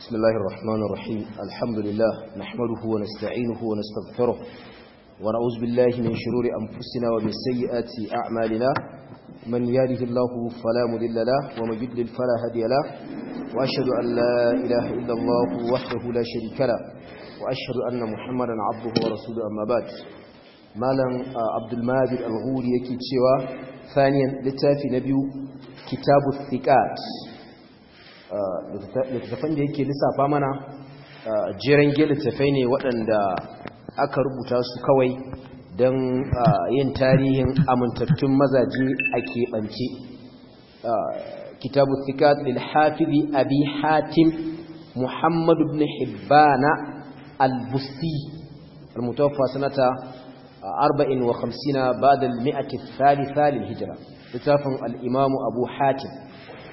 بسم الله الرحمن الرحيم الحمد لله نحمده ونستعينه ونستغفره ونعوذ بالله من شرور أنفسنا ومن سيئات أعمالنا من يهده الله فلا مضل له ومن يضلل فلا هادي له وأشهد أن لا إله إلا الله وحده لا شريك له وأشهد أن محمدا عبده ورسوله أما بعد مالا عبد المادر الغوري يكي تشوى ثانيا لتافي نبي كتاب الثقات littattafan da yake lissafa mana jiran gel littattafai ne waɗanda aka rubuta su kawai don yin tarihin amintattun mazaje a keɓance kitabu Sika lil hafizi abi hatim Muhammadu ibn hibbana al-busti al-mutawaffa sanata 54 ba da miati ath-thalitha lil hijra littafin al imamu abu hatim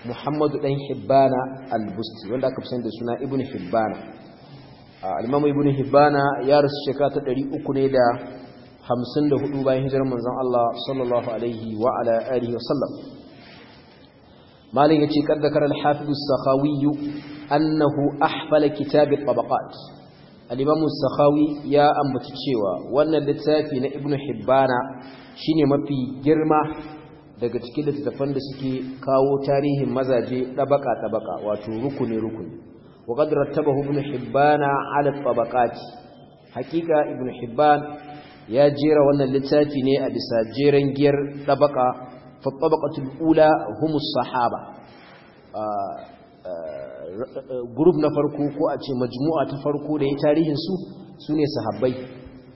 muhammadu dan hibbana al wanda aka fi da suna ibn hibbana al Ibnu ibn hibbana ya rasu shekara ta 300 ne da 54 bayan hijirar manzon Allah sallallahu alaihi wa ala alihi wa malin yace kaddakar al-hafiz as-sakhawi annahu ahfala kitabin at-tabaqat al ya ambaci cewa wannan littafi na ibn hibbana shine mafi girma daga cikin littattafan da suke kawo tarihin mazaje ɗabaka ɗabaka wato rukuni rukuni wa qad rattabahu ibn hibbana ala hakika ibn hibban ya jera wannan littafi ne a bisa jeren giyar ɗabaka fa ula humus sahaba gurub na farko ko a ce majmu'a ta farko da ya tarihin su sune sahabbai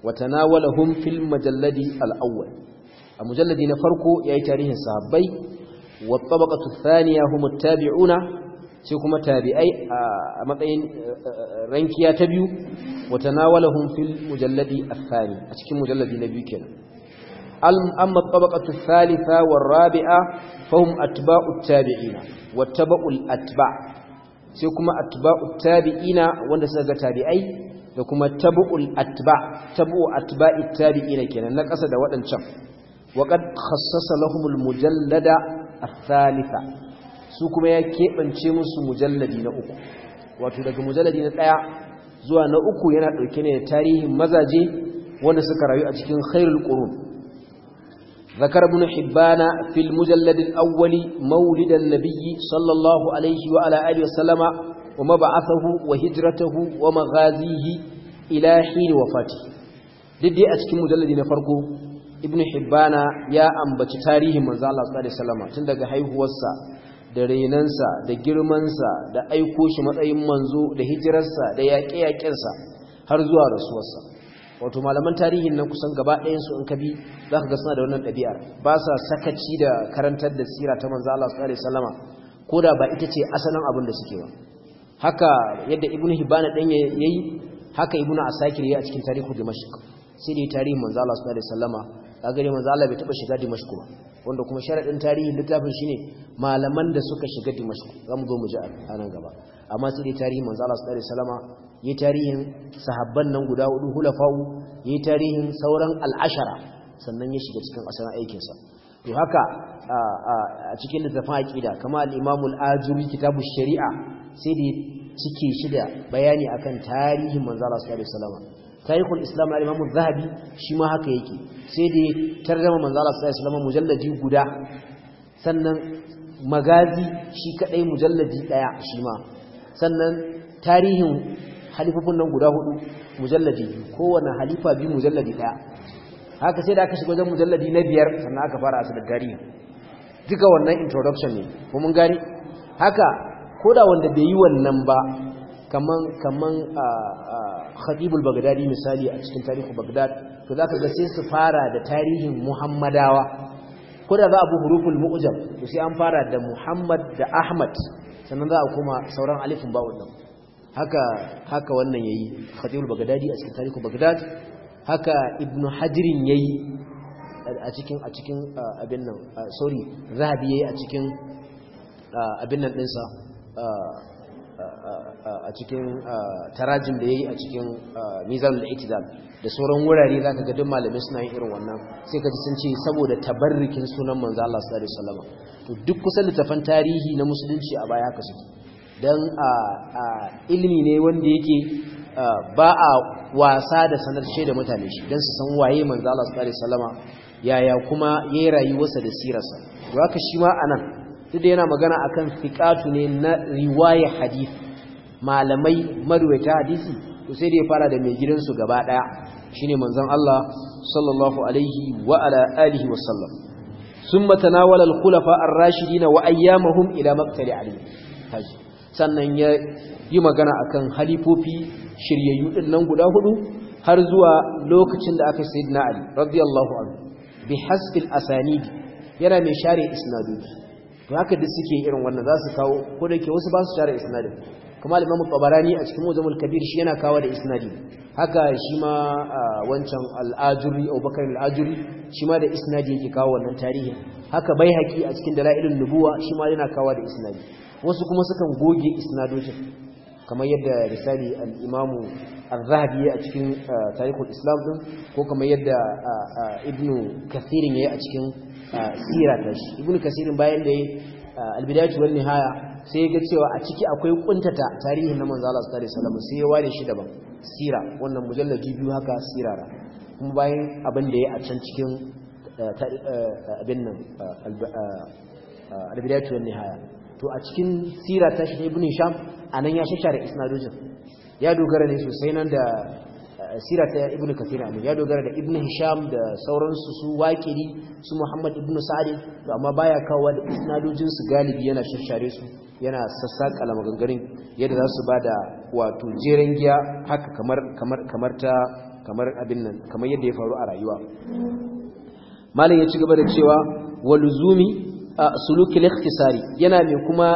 wa tanawalahum fil majalladi al a mujalladi na farko ya yi tarihin sahabbai wa tabaqatu thaniya hum tabi'una sai kuma tabi'ai a matsayin rankiya ta biyu wa tanawalahum fil mujalladi athani a cikin mujalladi na biyu kenan amma tabaqatu thalitha war rabi'a fahum atba'u tabi'ina wa tabu'ul atba sai kuma atba'u tabi'ina wanda suka ga tabi'ai da kuma tabu'ul atba tabu'u atba'i tabi'ina kenan na kasa da waɗancan وقد خصص لهم المجلد الثالثة su kuma ya keɓance musu mujalladi na uku wato daga mujalladi na ɗaya zuwa na uku yana ɗauke ne da tarihin mazaje wanda suka rayu a cikin khairul ƙurun zakar bin hibbana fil mujalladin awwali maulidan nabiyyi sallallahu alaihi wa ala wa mab'athuhu wa hijratuhu wa maghazihi ila hin wafati duk dai a cikin mujalladi na farko ibn hibbana ya ambaci tarihin manzo Allah sallallahu alaihi wasallam tun daga haihuwarsa da rainonsa, da girmansa da aiko shi matsayin manzo da hijirarsa da yaƙe-yaƙensa har zuwa rasuwarsa wato malaman tarihin nan kusan gaba ɗayan su in ka bi za ka ga suna da wannan ɗabi'ar ba sa sakaci da karantar da sira ta manzo Allah sallallahu alaihi wasallam ko da ba ita ce asalin abin da suke ba haka yadda ibnu hibbana dan yayi haka ibnu asakir yayi a cikin tarihu dimashq sai dai tarihin manzo Allah sallallahu alaihi wasallam kaga ne manzo Allah bai taba shiga Dimashq ba wanda kuma sharadin tarihi littafin shine malaman da suka shiga Dimashq zamu zo mu ji a nan gaba amma sai tarihi manzo Allah sallallahu alaihi wasallama yi tarihin sahabban nan guda hudu hulafa'u yi tarihin sauran al'ashara sannan ya shiga cikin asalin aikin sa to haka a cikin littafin aqida kama al-Imam al-Ajuri kitabu shari'a sai da cike shi bayani akan tarihin manzo Allah sallallahu alaihi wasallama tarihul islam na imamu zahabi shi ma haka yake sai dai tarjama manzo Allah sallallahu alaihi guda sannan magazi shi kadai mujalladi daya shi ma sannan tarihin halifafun nan guda hudu mujalladi kowane halifa biyu mujalladi daya haka sai da aka shiga wajen mujalladi na biyar sannan aka fara asalin tarihi duka wannan introduction ne ko mun gani haka koda wanda bai yi wannan ba kaman kaman ah, ah, khatibul bagdadi misali a cikin tarihin bagdad to zaka ga sai su fara da tarihin muhammadawa ko da za a bi huruful mu'jam to sai an fara da muhammad da ahmad sannan za a kuma sauran alifin ba wannan, haka haka wannan yayi khatibul bagdadi a cikin tarihin bagdad haka ibn hajrin yayi a cikin a cikin abin nan sorry zahabi yayi a cikin abin nan dinsa a cikin tarajin da ya yi a cikin mizan da itidal da sauran wurare za ka ga duk malamai suna yin irin wannan sai ka ci sun ce saboda tabarrikin sunan manzo Allah su salama to duk kusan littafan tarihi na musulunci a baya ka suke a ilimi ne wanda yake ba a wasa da sanar da mutane shi don su san waye manzo Allah su salama yaya kuma ya yi rayuwarsa da sirarsa to haka shi ma anan duk da yana magana a kan fiƙatu ne na riwaya hadisi malamai marwaita hadisi to sai dai fara da mai gidansu gaba Shi ne manzan Allah sallallahu alaihi wa ala alihi wa sallam thumma walal kulafa an ar dina wa ayyamahum ila maktari a sannan ya yi magana a kan halifofi shiryayyu ɗin nan guda hudu har zuwa lokacin da aka sayyidina ali radiyallahu anhu bi hasbil asanidi yana mai share isnadoji to haka duk suke irin wannan za su kawo ko da ke wasu ba su tare isnadin kuma al-Imam Tabarani a cikin Mujamul Kabir shi yana kawo da isnadi haka shi ma wancan al-Ajuri Abubakar al-Ajuri shi ma da isnadi yake kawo wannan tarihi haka bai haki a cikin Dalailun Nubuwa shi ma yana kawo da isnadi wasu kuma sukan goge isnadojin kamar yadda risali alimamu imamu al-zahabi a cikin uh, tarikul islam din ko kamar yadda uh, uh, ibnu ya yi a cikin sira shi ibnu kasirin bayan da ya al-bidayatu wan nihaya sai ga cewa a ciki akwai kuntata tarihin na manzala su tare salamu sai ya ware shi daban sira wannan mujallaji biyu haka sirara kuma bayan abin da yayi a can cikin abin nan albidaci wani haya. to a cikin sira ta shi ibn sham anan ya shashare isnadojin ya dogara ne sosai nan da eh, sira ta ibn kathir amin ya dogara da ibn hisham da sauransu su waqidi su muhammad ibn sa'id to amma baya kawo da isnadojin su galibi yana shashare su yana sassaƙa maganganun yadda za su bada wato jeren giya haka kamar kamar kamar ta kamar abin nan kamar yadda ya faru a rayuwa malam ya ci gaba da cewa waluzumi sulukil ikhtisari yana mai kuma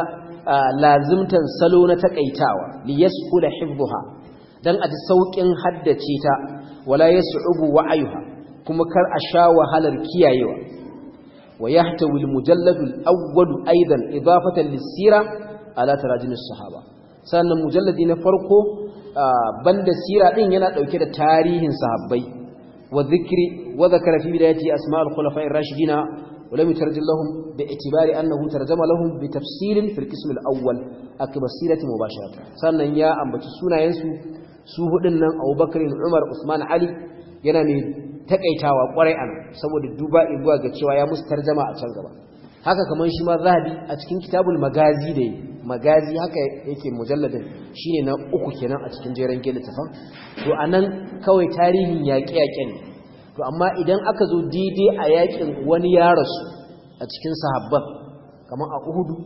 lazimtan salo na takaitawa li da hifdha dan aji saukin haddace ta wala yas'ubu wa'ayuha kuma kar a sha wahalar kiyayewa wa yahtawi al-mujallad al-awwal aidan idafatan lis-sira ala tarajim as-sahaba sannan mujalladi na farko banda sira din yana dauke da tarihin sahabbai wa dhikri wa dhakara fi bidayati asma'ul khulafa'ir rashidina ولم يترجم لهم باعتبار أنه ترجم لهم بتفسير في القسم الأول أكبر سيرة مباشرة سنة يا أم بتسونا ينسو سوه إن أبو بكر عمر عثمان علي ينامي تكيتاوا قريئا سود الدباء إبوا قتشوا يا مسترجمة أتشغبا haka kaman shi ma zahabi a cikin kitabul magazi da magazi haka yake mujalladin shine na uku kenan a cikin jeren gele tafan to anan kawai tarihin yaƙe-yaƙen to amma idan aka zo daidai a yakin wani ya rasu a cikin sahabban kamar a uhudu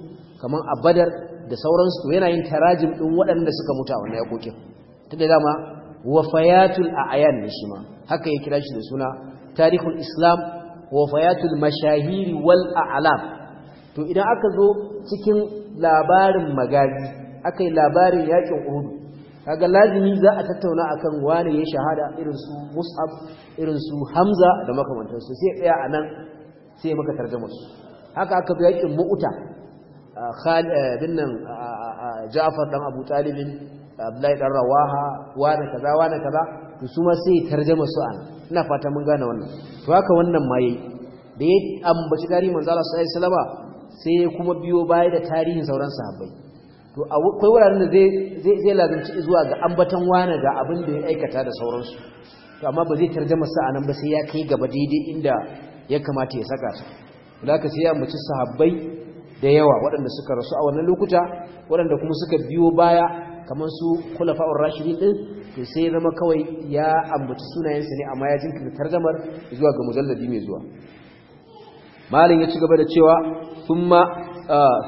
kamar a badar da sauransu to yana yin tarajim ɗin waɗanda suka mutu a wannan yakokin ta da dama wafayatul a'yan ne shi ma haka ya kira shi da suna tarihul islam wafayatul mashahiri wal a'lam to idan aka zo cikin labarin magazi aka yi labarin yakin uhudu kaga lazimi za a tattauna akan wani ya shahada irin su mus'ab irin su hamza da makamantansu sai tsaya anan nan sai maka tarjuma su haka aka bi yakin mu'uta eh, nan ja'far dan abu talibin abdullahi dan rawaha wani kaza wani kaza to su ma sai tarjuma su an ina fata mun gane wannan to haka wannan ma yayi da ya ambaci tarihin manzo Allah sallallahu alaihi wasallama sai kuma biyo baya da tarihin sauran sahabbai to akwai wuraren da zai lazumci zuwa ga ambatan wane ga abin da ya aikata da sauransu to amma ba zai tarjama sa anan ba sai ya kai gaba daidai inda ya kamata ya saka ta zaka sai ya muci sahabbai da yawa waɗanda suka rasu a wannan lokuta waɗanda kuma suka biyo baya kamar su khulafa'ur rashidin din to sai ya zama kawai ya ambaci sunayensa ne amma ya jinkirta tarjamar zuwa ga mujalladi mai zuwa malin ya ci gaba da cewa kuma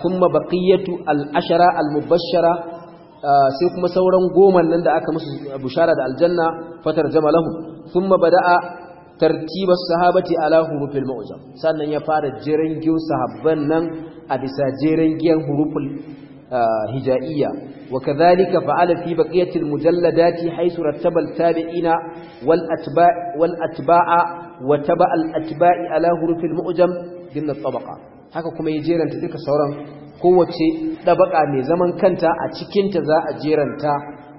thumma baqiyatu al-ashara sai kuma sauran goman nan da aka musu bushara da aljanna fatar jamalahu thumma bada'a tartiba sahabati ala hurufil mu'jam sannan ya fara jirangin nan a bisa jirangin huruful هجائية وكذلك فعل في بقية المجلدات حيث رتب التابعين والأتباع, والأتباع وتبع الأتباع على حروف المؤجم ضمن الطبقة haka kuma ya jeranta duka sauran kowace ɗabaka mai zaman kanta a cikinta za a jeranta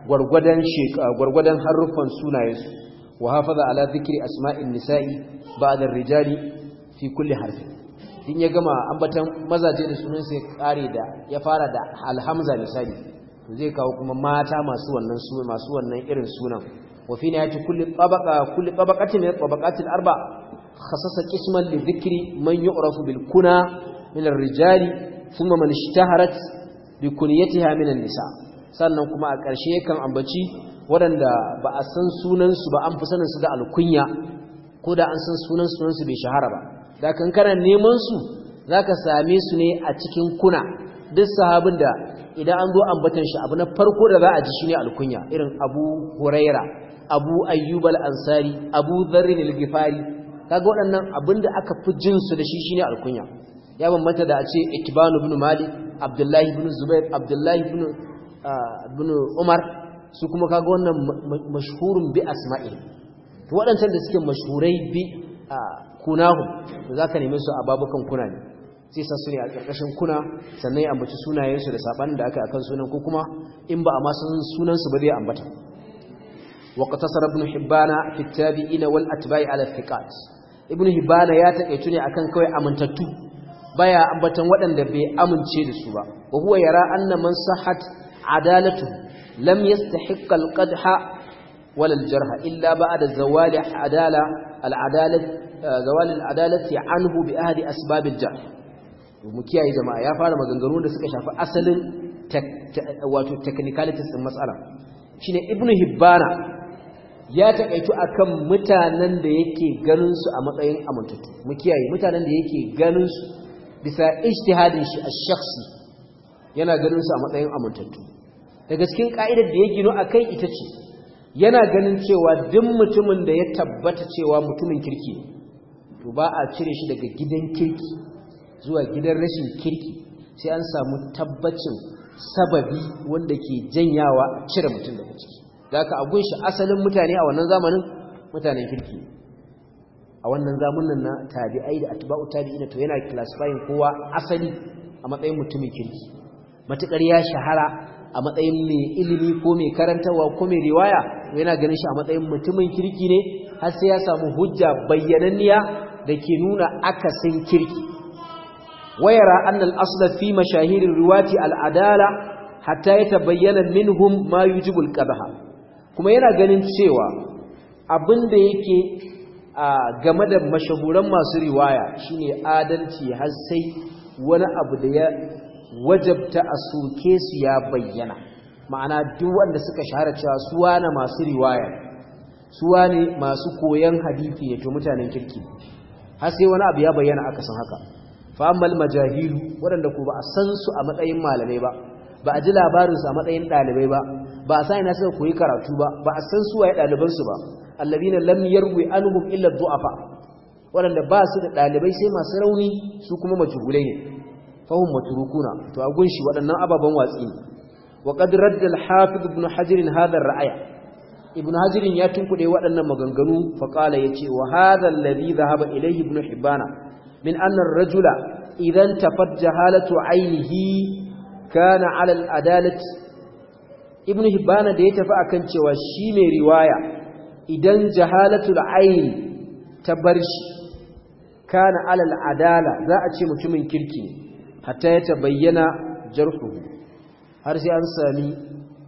gwargwadon haruffan sunayensu wa hafaza ala zikiri asma'in nisa'i ba'adar rijali fi kulli harfi din ya gama ambatan mazaje da sunan sai kare da ya fara da alhamza misali to zai kawo kuma mata masu wannan su masu wannan irin sunan wa fi ci kulli tabaqa kulli tabaqatin min arba' khasasa qisman li dhikri man yu'rafu bil kuna min ar-rijali thumma man ishtaharat bi kunyatiha min an-nisa sannan kuma a ƙarshe kan ambaci waɗanda ba a san sunansu ba an fi sanin su da alkunya ko da an san sunan sunansu bai shahara ba da kankana neman su zaka same su ne a cikin kuna duk sahabin da idan an zo ambatan shi abu na farko da za a ji shine alkunya irin Abu Huraira Abu Ayyub al-Ansari Abu Dharr al-Ghifari kaga waɗannan abinda aka fi jin su da shi shine alkunya ya bambanta da a ce ikbanu ibn malik abdullahi ibn zubair abdullahi ibn ah, ibn umar su kuma kaga wannan mashhurun bi asma'i to waɗancan da suke mashhurai bi ah, kunahu to zaka neme su a babukan kuna ne sai san su ne a ƙarƙashin kuna sannan ya ambaci sunayensu da sabanin da aka akan sunan ko kuma in ba a ma san sunan su ba zai ambata وقتصر ابن حبان في التابعين والأتباع على الثقات ibn hibana ya takaitu ne akan kawai amintattu baya ambatan waɗanda bai amince da su ba wa huwa yara anna man sahhat adalatu lam yastahiqqa al-qadha wala al illa ba'da zawali adala al eh, zawali al anhu bi ahadi asbab jama'a ya fara maganganu da suka shafi asalin wato technicalities din matsala shine ibn hibana ya takaitu akan mutanen da yake ganin su a matsayin amintattu mu kiyaye mutanen da yake ganin su bisa ijtihadin shi a shakhsi yana ganin su a matsayin amintattu daga cikin ka'idar da ya gino akai ita ce yana ganin cewa duk mutumin da ya tabbata cewa mutumin kirki ne to ba a cire shi daga gidan kirki zuwa gidan rashin kirki sai an samu tabbacin sababi wanda ke janyawa cire mutum daga ciki da abun agun shi asalin mutane a wannan zamanin mutanen kirki a wannan zamanin na tabi'ai da atba'u tabi'ina to yana classifying kowa asali a matsayin mutumin kirki matukar ya shahara a matsayin mai ilimi ko mai karantawa ko mai riwaya to yana ganin shi a matsayin mutumin kirki ne har sai ya samu hujja bayyananniya da ke nuna akasin kirki wayara annal asla fi mashahirin riwati al'adala hatta ya tabayyana minhum ma yujibul qadha kuma yana ganin cewa abin da yake a game da mashahuran masu riwaya shi ne adalci har sai wani abu da ya wajabta a soke su ya bayyana ma'ana duk suka shahara cewa suwa na masu riwaya suwa ne masu koyon hadithi ya to mutanen kirki har sai wani abu ya bayyana aka san haka fa'amal majahilu waɗanda ku ba a san su a matsayin malamai ba ba a ji labarinsu a matsayin ɗalibai ba ba a sa ina suka koyi karatu ba ba a san suwaye ɗalibansu ba allazina lam yarwi anhum illa du'afa waɗanda ba su da ɗalibai sai masu rauni su kuma majhulai ne fahum matrukuna to a gunshi waɗannan ababen watsi ne wa qad radda al-hafiz ibn hajar hadha ar-ra'ya ibn hajar ya tunkude waɗannan maganganu fa qala yace wa hadha alladhi dhahaba ilayhi ibn hibana min anna ar-rajula idan jahalatu aynihi kana alal adalat ibn hibbana da ya tafi akan cewa shi ne riwaya idan jahalatul ayn ta bar shi kana alal adala za a ce mutumin kirki hatta ya tabayyana jarhuhu har sai an sami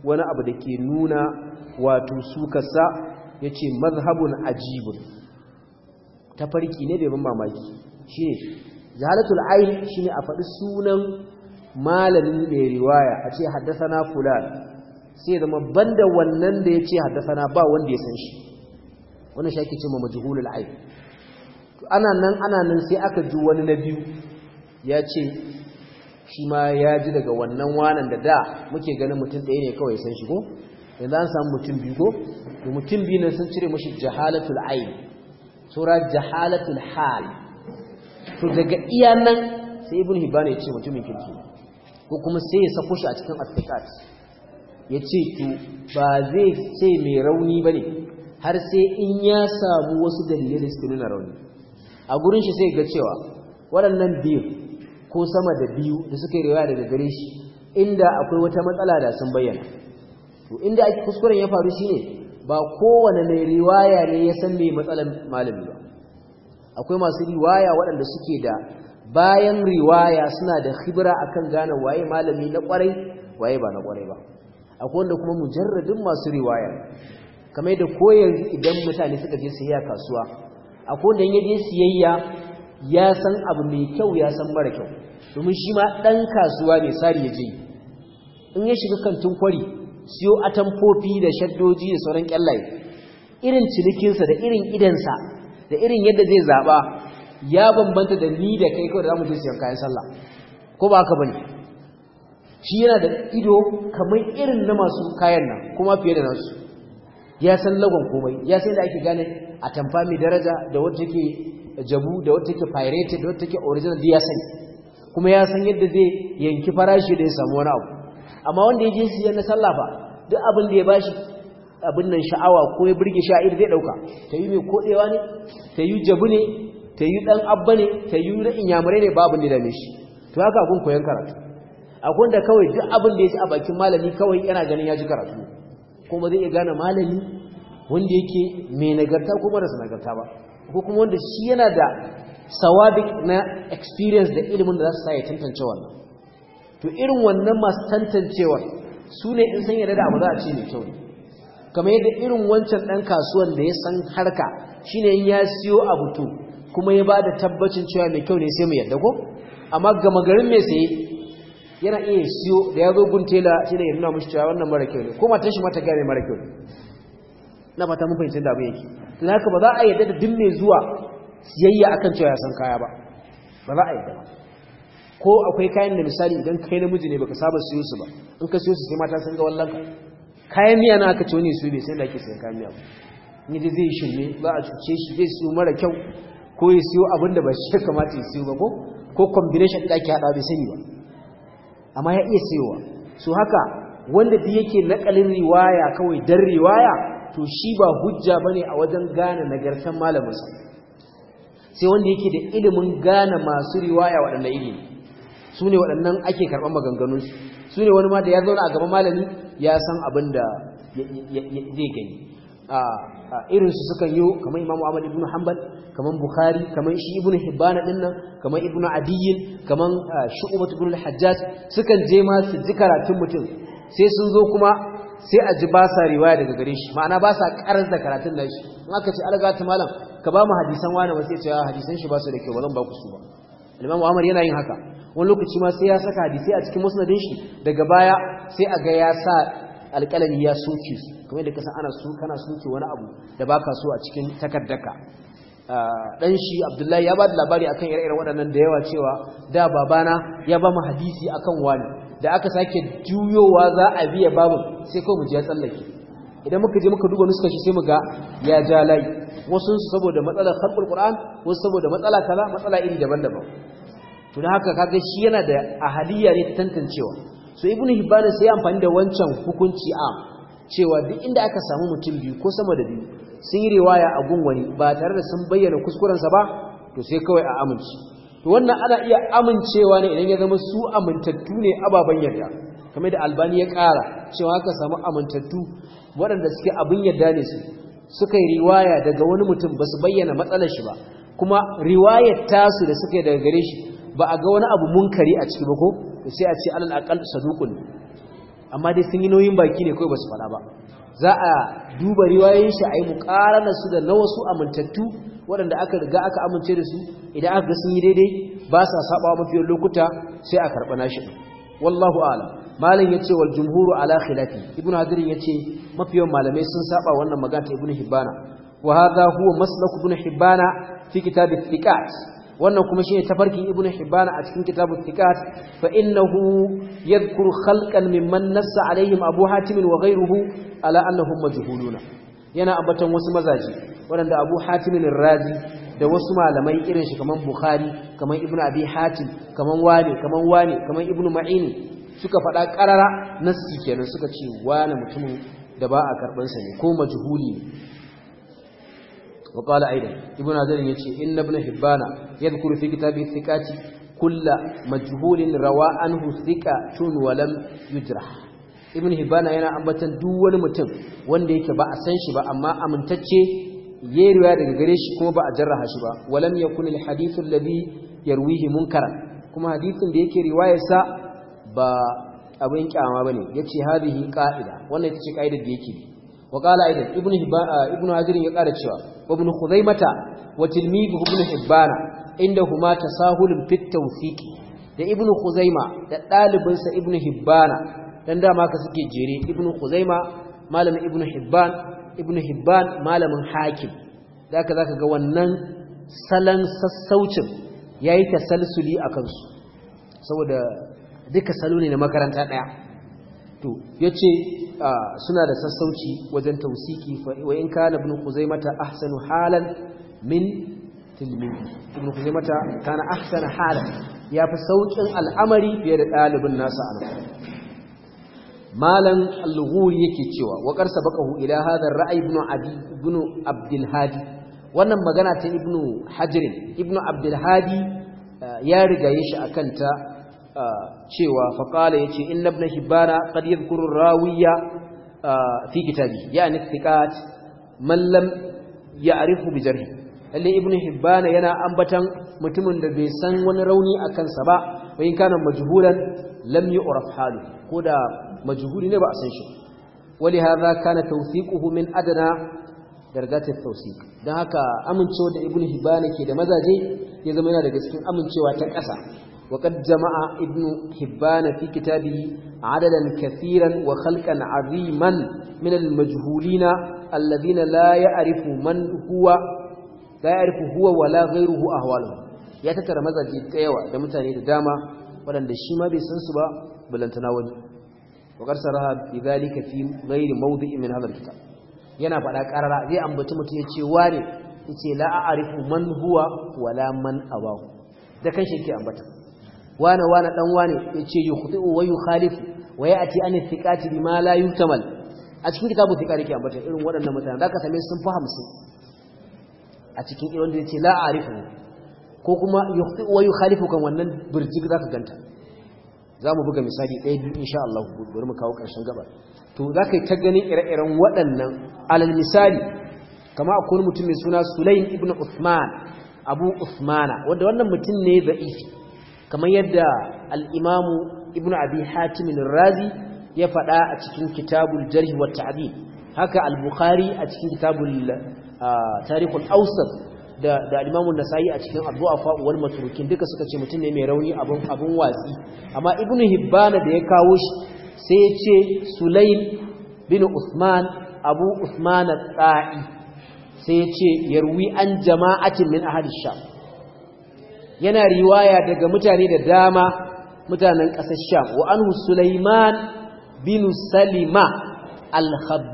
wani abu da ke nuna wato sukarsa ya ce mazhabun Ta tafarki ne da ban mamaki shi ne jahalatul ayn shi ne a faɗi sunan malamin mai riwaya a ce haddasana fulan sai zama banda wannan da ya ce haddasana ba wanda ya san shi wannan shi ake ce ma majhulul aib ana nan ana nan sai aka ji wani na biyu ya ce shi ma ya ji daga wannan wanan da da muke ganin mutum ɗaya ne kawai san shi ko yanzu an samu mutum biyu ko da mutum biyu nan sun cire mashi jahalatul aiki, sura jahalatul hal to daga iya nan sai ibn hibban ya ce mutumin kirki ko kuma sai ya sako shi a cikin afikat ya ce to ba zai ce mai rauni ba ne har sai in ya samu wasu dalilai da nuna rauni a gurin shi sai ga cewa waɗannan biyu ko sama da biyu da suka yi riwaya daga gare shi inda akwai wata matsala da sun bayyana to inda ake kuskuren ya faru shine ba kowane mai riwaya ne ya san me matsalar malami ba akwai masu riwaya waɗanda suke da bayan riwaya suna da khibra akan gane waye malami na kwarai waye ba na kwarai ba akwai wanda kuma mujarradin masu riwaya kamar da koyar idan mutane suka je sayayya kasuwa akwai wanda ya je siyayya ya san abu mai kyau ya san mara kyau domin shi ma dan kasuwa ne sari ya je in ya shiga kantin kwari siyo atamfofi da shaddoji da sauran kyallaye irin cinikinsa da irin idansa da irin yadda zai zaba ya bambanta da ni da kai kawai da zamu je siyan kayan sallah ko ba haka bane shi yana da ido kamar irin na masu kayan nan kuma fiye da nasu ya san lagon komai ya san da ake gane a tamfa mai daraja da wacce take jabu da wacce take pirated da wacce take original da ya sani kuma ya san yadda zai yanki farashi da ya samu wani abu amma wanda ya je siyan na sallah ba duk abin da ya bashi abin nan sha'awa ko ya burge sha'ir zai dauka ta yi mai kodewa ne ta yi jabu ne ta yi ɗan abba ne ta yi na inyamurai ne babu ne da shi to haka akwai koyon karatu akwai da kawai duk abin da ya ci a bakin malami kawai yana ganin ya ji karatu kuma zai iya gane malami wanda yake mai nagarta ko marasa nagarta ba ko kuma wanda shi yana da sawabi na experience da ilimin da za su sa ya tantance wannan to irin wannan masu tantancewa su ne in san yadda da abu za a ce mai kyau ne kamar yadda irin wancan ɗan kasuwan da ya san harka shine in ya siyo abu to kuma ya bada tabbacin cewa mai kyau ne sai mu yadda ko amma gama garin mai sai yana iya siyo da ya zo gun tela shi ne ya nuna mushi cewa wannan mara kyau ne ko matan shi mata gane mara kyau ne na fata mun fahimci da abu yake dan haka ba za a yadda da duk mai zuwa siyayya akan cewa ya san kaya ba ba za a yadda ba ko akwai kayan da misali idan kai namiji ne baka saba siyo su ba in ka siyo su sai mata sun ga wallan ka kayan miya na aka tone su bai sai da ake sayan kayan miya ba ni zai shirme ba a cuce shi zai siyo mara kyau ko ya siyo abin da ba shi kamata ya siyo ba ko ko combination da ake hada bai sani ba amma ya iya siyowa su haka wanda bi yake nakalin riwaya kawai dan riwaya to shi ba hujja ba ne a wajen gane nagartan malamin sai wanda yake da ilimin gane masu riwaya waɗannan iri su ne waɗannan ake karɓar maganganunsu su ne wani ma da ya zauna a gaban malami ya san abin da zai gani ah, irinsu suka yi kamar imamu ahmad ibn hanbal kamar bukhari kamar shi ibn hibban dinnan kamar ibn adiyyin kamar shu'bat ibn al-hajjaj sukan je ma su ji karatun mutum sai sun zo kuma sai a ji ba sa riwaya daga gare shi ma'ana ba sa karar da karatun da shi in aka ce alga ta malam ka ba mu hadisan wani ba sai ce ah, hadisan shi ba su da kyau ba zan ba ku su ba imamu ahmad yana yin haka wani lokaci ma sai ya saka hadisi a cikin musnadin shi daga baya sai a ga ya sa alƙalami ya soke su kamar da kasan ana su kana suke wani abu da baka so a cikin takaddaka dan shi Abdullahi ya ba da labari akan ire-iren waɗannan da yawa cewa da babana ya ba mu hadisi akan wani da aka sake juyowa za a biya babu sai kawai mu ji ya tsallake idan muka je muka duba nuskar sai mu ga ya ja layi wasu saboda matsalar harkar qur'an wasu saboda matsala kala matsala iri daban-daban to da haka kaga shi yana da ahaliya ne ta tantancewa so ibnu hibban sai amfani da wancan hukunci a cewa duk inda aka samu mutum biyu ko sama da biyu sun yi riwaya a gungwani, ba tare da sun bayyana kuskurensa ba to sai kawai a amince to wannan ana iya amincewa ne idan ya zama su amintattu ne ababen yarda kamar da albani ya kara cewa aka samu amintattu waɗanda suke abin yarda ne su suka yi riwaya daga wani mutum ba su bayyana matsalar shi ba kuma riwayar tasu da suka yi daga gare shi ba a ga wani abu munkari a ciki ba ko sai a ce alal aqal saduqun amma dai sun yi nauyin baki ne kawai ba su faɗa ba za a duba riwayoyin shi a yi muƙaranar su da na wasu amintattu waɗanda aka riga aka amince da su idan aka ga sun yi daidai ba sa saba mafiyar lokuta sai a karɓa nashi wallahu a'lam malam ce wal jumhuru ala khilafi ibnu hadirin ce mafiyar malamai sun saba wannan magana ta ibnu hibana wa hadha huwa maslaku ibnu hibana fi kitab wannan kuma shine tafarkin ibnu hibban a cikin kitabu thiqat fa innahu yadhkuru khalqan mimman nassa alaihim abu hatim wa ghayruhu ala annahum majhuluna yana abatan wasu mazaji waɗanda abu hatim razi da wasu malamai irin shi kaman bukhari kaman ibnu abi hatim kaman wani kaman wani kaman ibnu ma'ini suka faɗa karara nassi kenan suka ce wani mutumin da ba a karɓansa ne ko majhuli ne وقال أيضا ابن عزيز يتشي إن ابن حبان يذكر في kulla الثقات rawa an husika عنه walam ولم يجرح ابن حبان yana ambatan duk wani mutum wanda yake ba a san shi ba amma amintacce yayi riwaya daga gare shi kuma ba a jarraha shi ba walam yakun al hadith alladhi yarwihi munkaran kuma hadisin da yake riwayarsa ba abin kyama bane yace hadhihi ƙa'ida wannan ita ce ka'idar da yake bi وقال أيضا ابن, ابن عزير يقال الشواء وابن خذيمة وتلميذه ابن حبان عندهما تساهل في التوثيق da ibn khuzaima da ɗalibinsa ibn hibbana dan dama ka suke jere ibn khuzaima malamin ibn hibban ibn hibban malamin hakim zaka zaka ga wannan salan sassaucin yayi tasalsuli akan su saboda duka salo ne na makaranta daya to yace ah, suna da sassauci wajen tausiki wa in kana ibn kuzaimata ahsanu halan min tilmidi ibn kuzaimata kana ahsana halan yafi saukin al'amari fiye da dalibin nasa an malan al-ghuri yake cewa wa qarsa baqahu ila hadha ar-ra'i ibn abi ibn abdul hadi wannan magana ta ibn hajr ibn abdul hadi ah, ya rigaye shi akanta cewa faƙala ya ce inna ibn hibbana qad kurin rawiya fi kitabi ya ni fikat mallam ya bi jarhi lalle ibn hibbana yana ambatan mutumin da bai san wani rauni a kansa ba ba in kanan majhulan lam yu'raf halu ko da majhuli ne ba a san shi wani haza kana tausiku min adana gargatar tausi don haka amincewa da ibn hibana ke da mazaje ya zama yana daga cikin amincewa ta ƙasa وقد جمع ابن حبان في كتابه عددا كثيرا وخلقا عظيما من المجهولين الذين لا يعرف من هو لا يعرف هو ولا غيره أهواله ya tattara mazaje da yawa da mutane da dama waɗanda shi ma bai san su ba balantana wani wakar saraha min yana faɗa karara zai ambaci mutum ya ce ware ce la'a a'rifu man huwa wala man abahu da kan shi yake ambata wane wane dan wane yace yukhti'u wa yukhalifu wa ya'ti an thiqati bima la yutamal a cikin kitabu thiqari ke ambata irin waɗannan mutane zaka same sun fi 50 a cikin irin da yace la arifu ko kuma yukhti'u wa yukhalifu kan wannan birjig zaka ganta zamu buga misali ɗaya biyu insha Allah bari mu kawo ƙarshen gaba to zaka yi ta ganin ire-iren waɗannan alal misali kama akwai mutum mai suna Sulaim ibn Uthman Abu Uthmana wanda wannan mutum ne da'ifi kamar yadda al'imamu ibn abi hatimin razi ya faɗa a cikin kitabul jarhi wa ta'adi haka al-bukhari a cikin kitabul ah, tarihul ausat da al'imamun nasa'i a cikin a fa'uwar maturukin duka suka ce mutum ne mai rauni abin watsi amma ibn hibbana da ya kawo shi sai ya ce sulaim bin usman abu usman Tsai sai ya ce yarwi an jama'atin min ahadisham yana riwaya daga mutane da dama mutanen ƙasar sham wa anhu sulaiman bin salima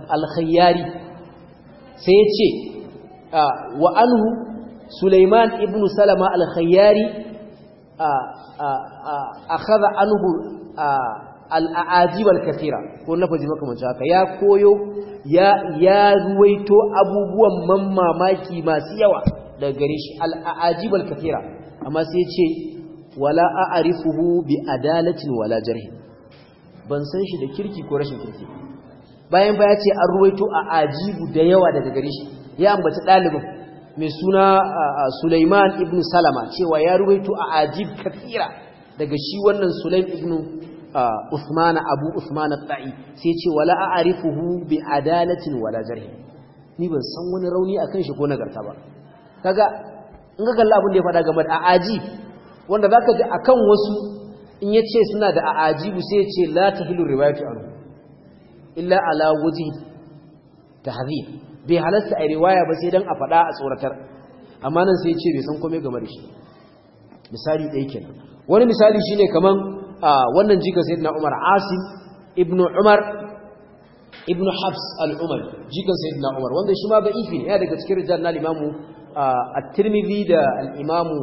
al sai ya ce ah, wa anhu sulaiman ibn salama al-khayyari ah, ah, anhu al-aajib al-kathira ko maka makamanci haka ya koyo ya ya ruwaito abubuwan mamaki masu yawa daga gari shi al amma sai ce wala a'rifuhu bi adalatin wala jarhin ban san shi da kirki ko rashin kirki bayan baya ce an ruwaito a ajibu da yawa daga gare shi ya ambaci ɗalibin mai suna Sulaiman ibn Salama cewa ya ruwaito a ajib kathira daga shi wannan Sulaim ibn usmana Abu usmana tai sai ce wala a'rifuhu bi adalatin wala jarhin ni ban san wani rauni a kan shi ko nagarta ba kaga in ga kalla abin da ya faɗa game da a'aji wanda ka ji kan wasu in ya ce suna da a'aji bu sai ce la tahilu riwayatu anu illa ala ta hazi bai halasta a riwaya ba sai dan a faɗa a tsoratar amma nan sai ce bai san kome game da shi misali ɗaya kenan wani misali shine kaman wannan jikan sayyidina Umar Asim ibnu Umar ibnu Hafs al-Umar jikan sayyidina Umar wanda shi ma ifi ne yana daga cikin rijal na limamu. at-tirmidhi da al-imamu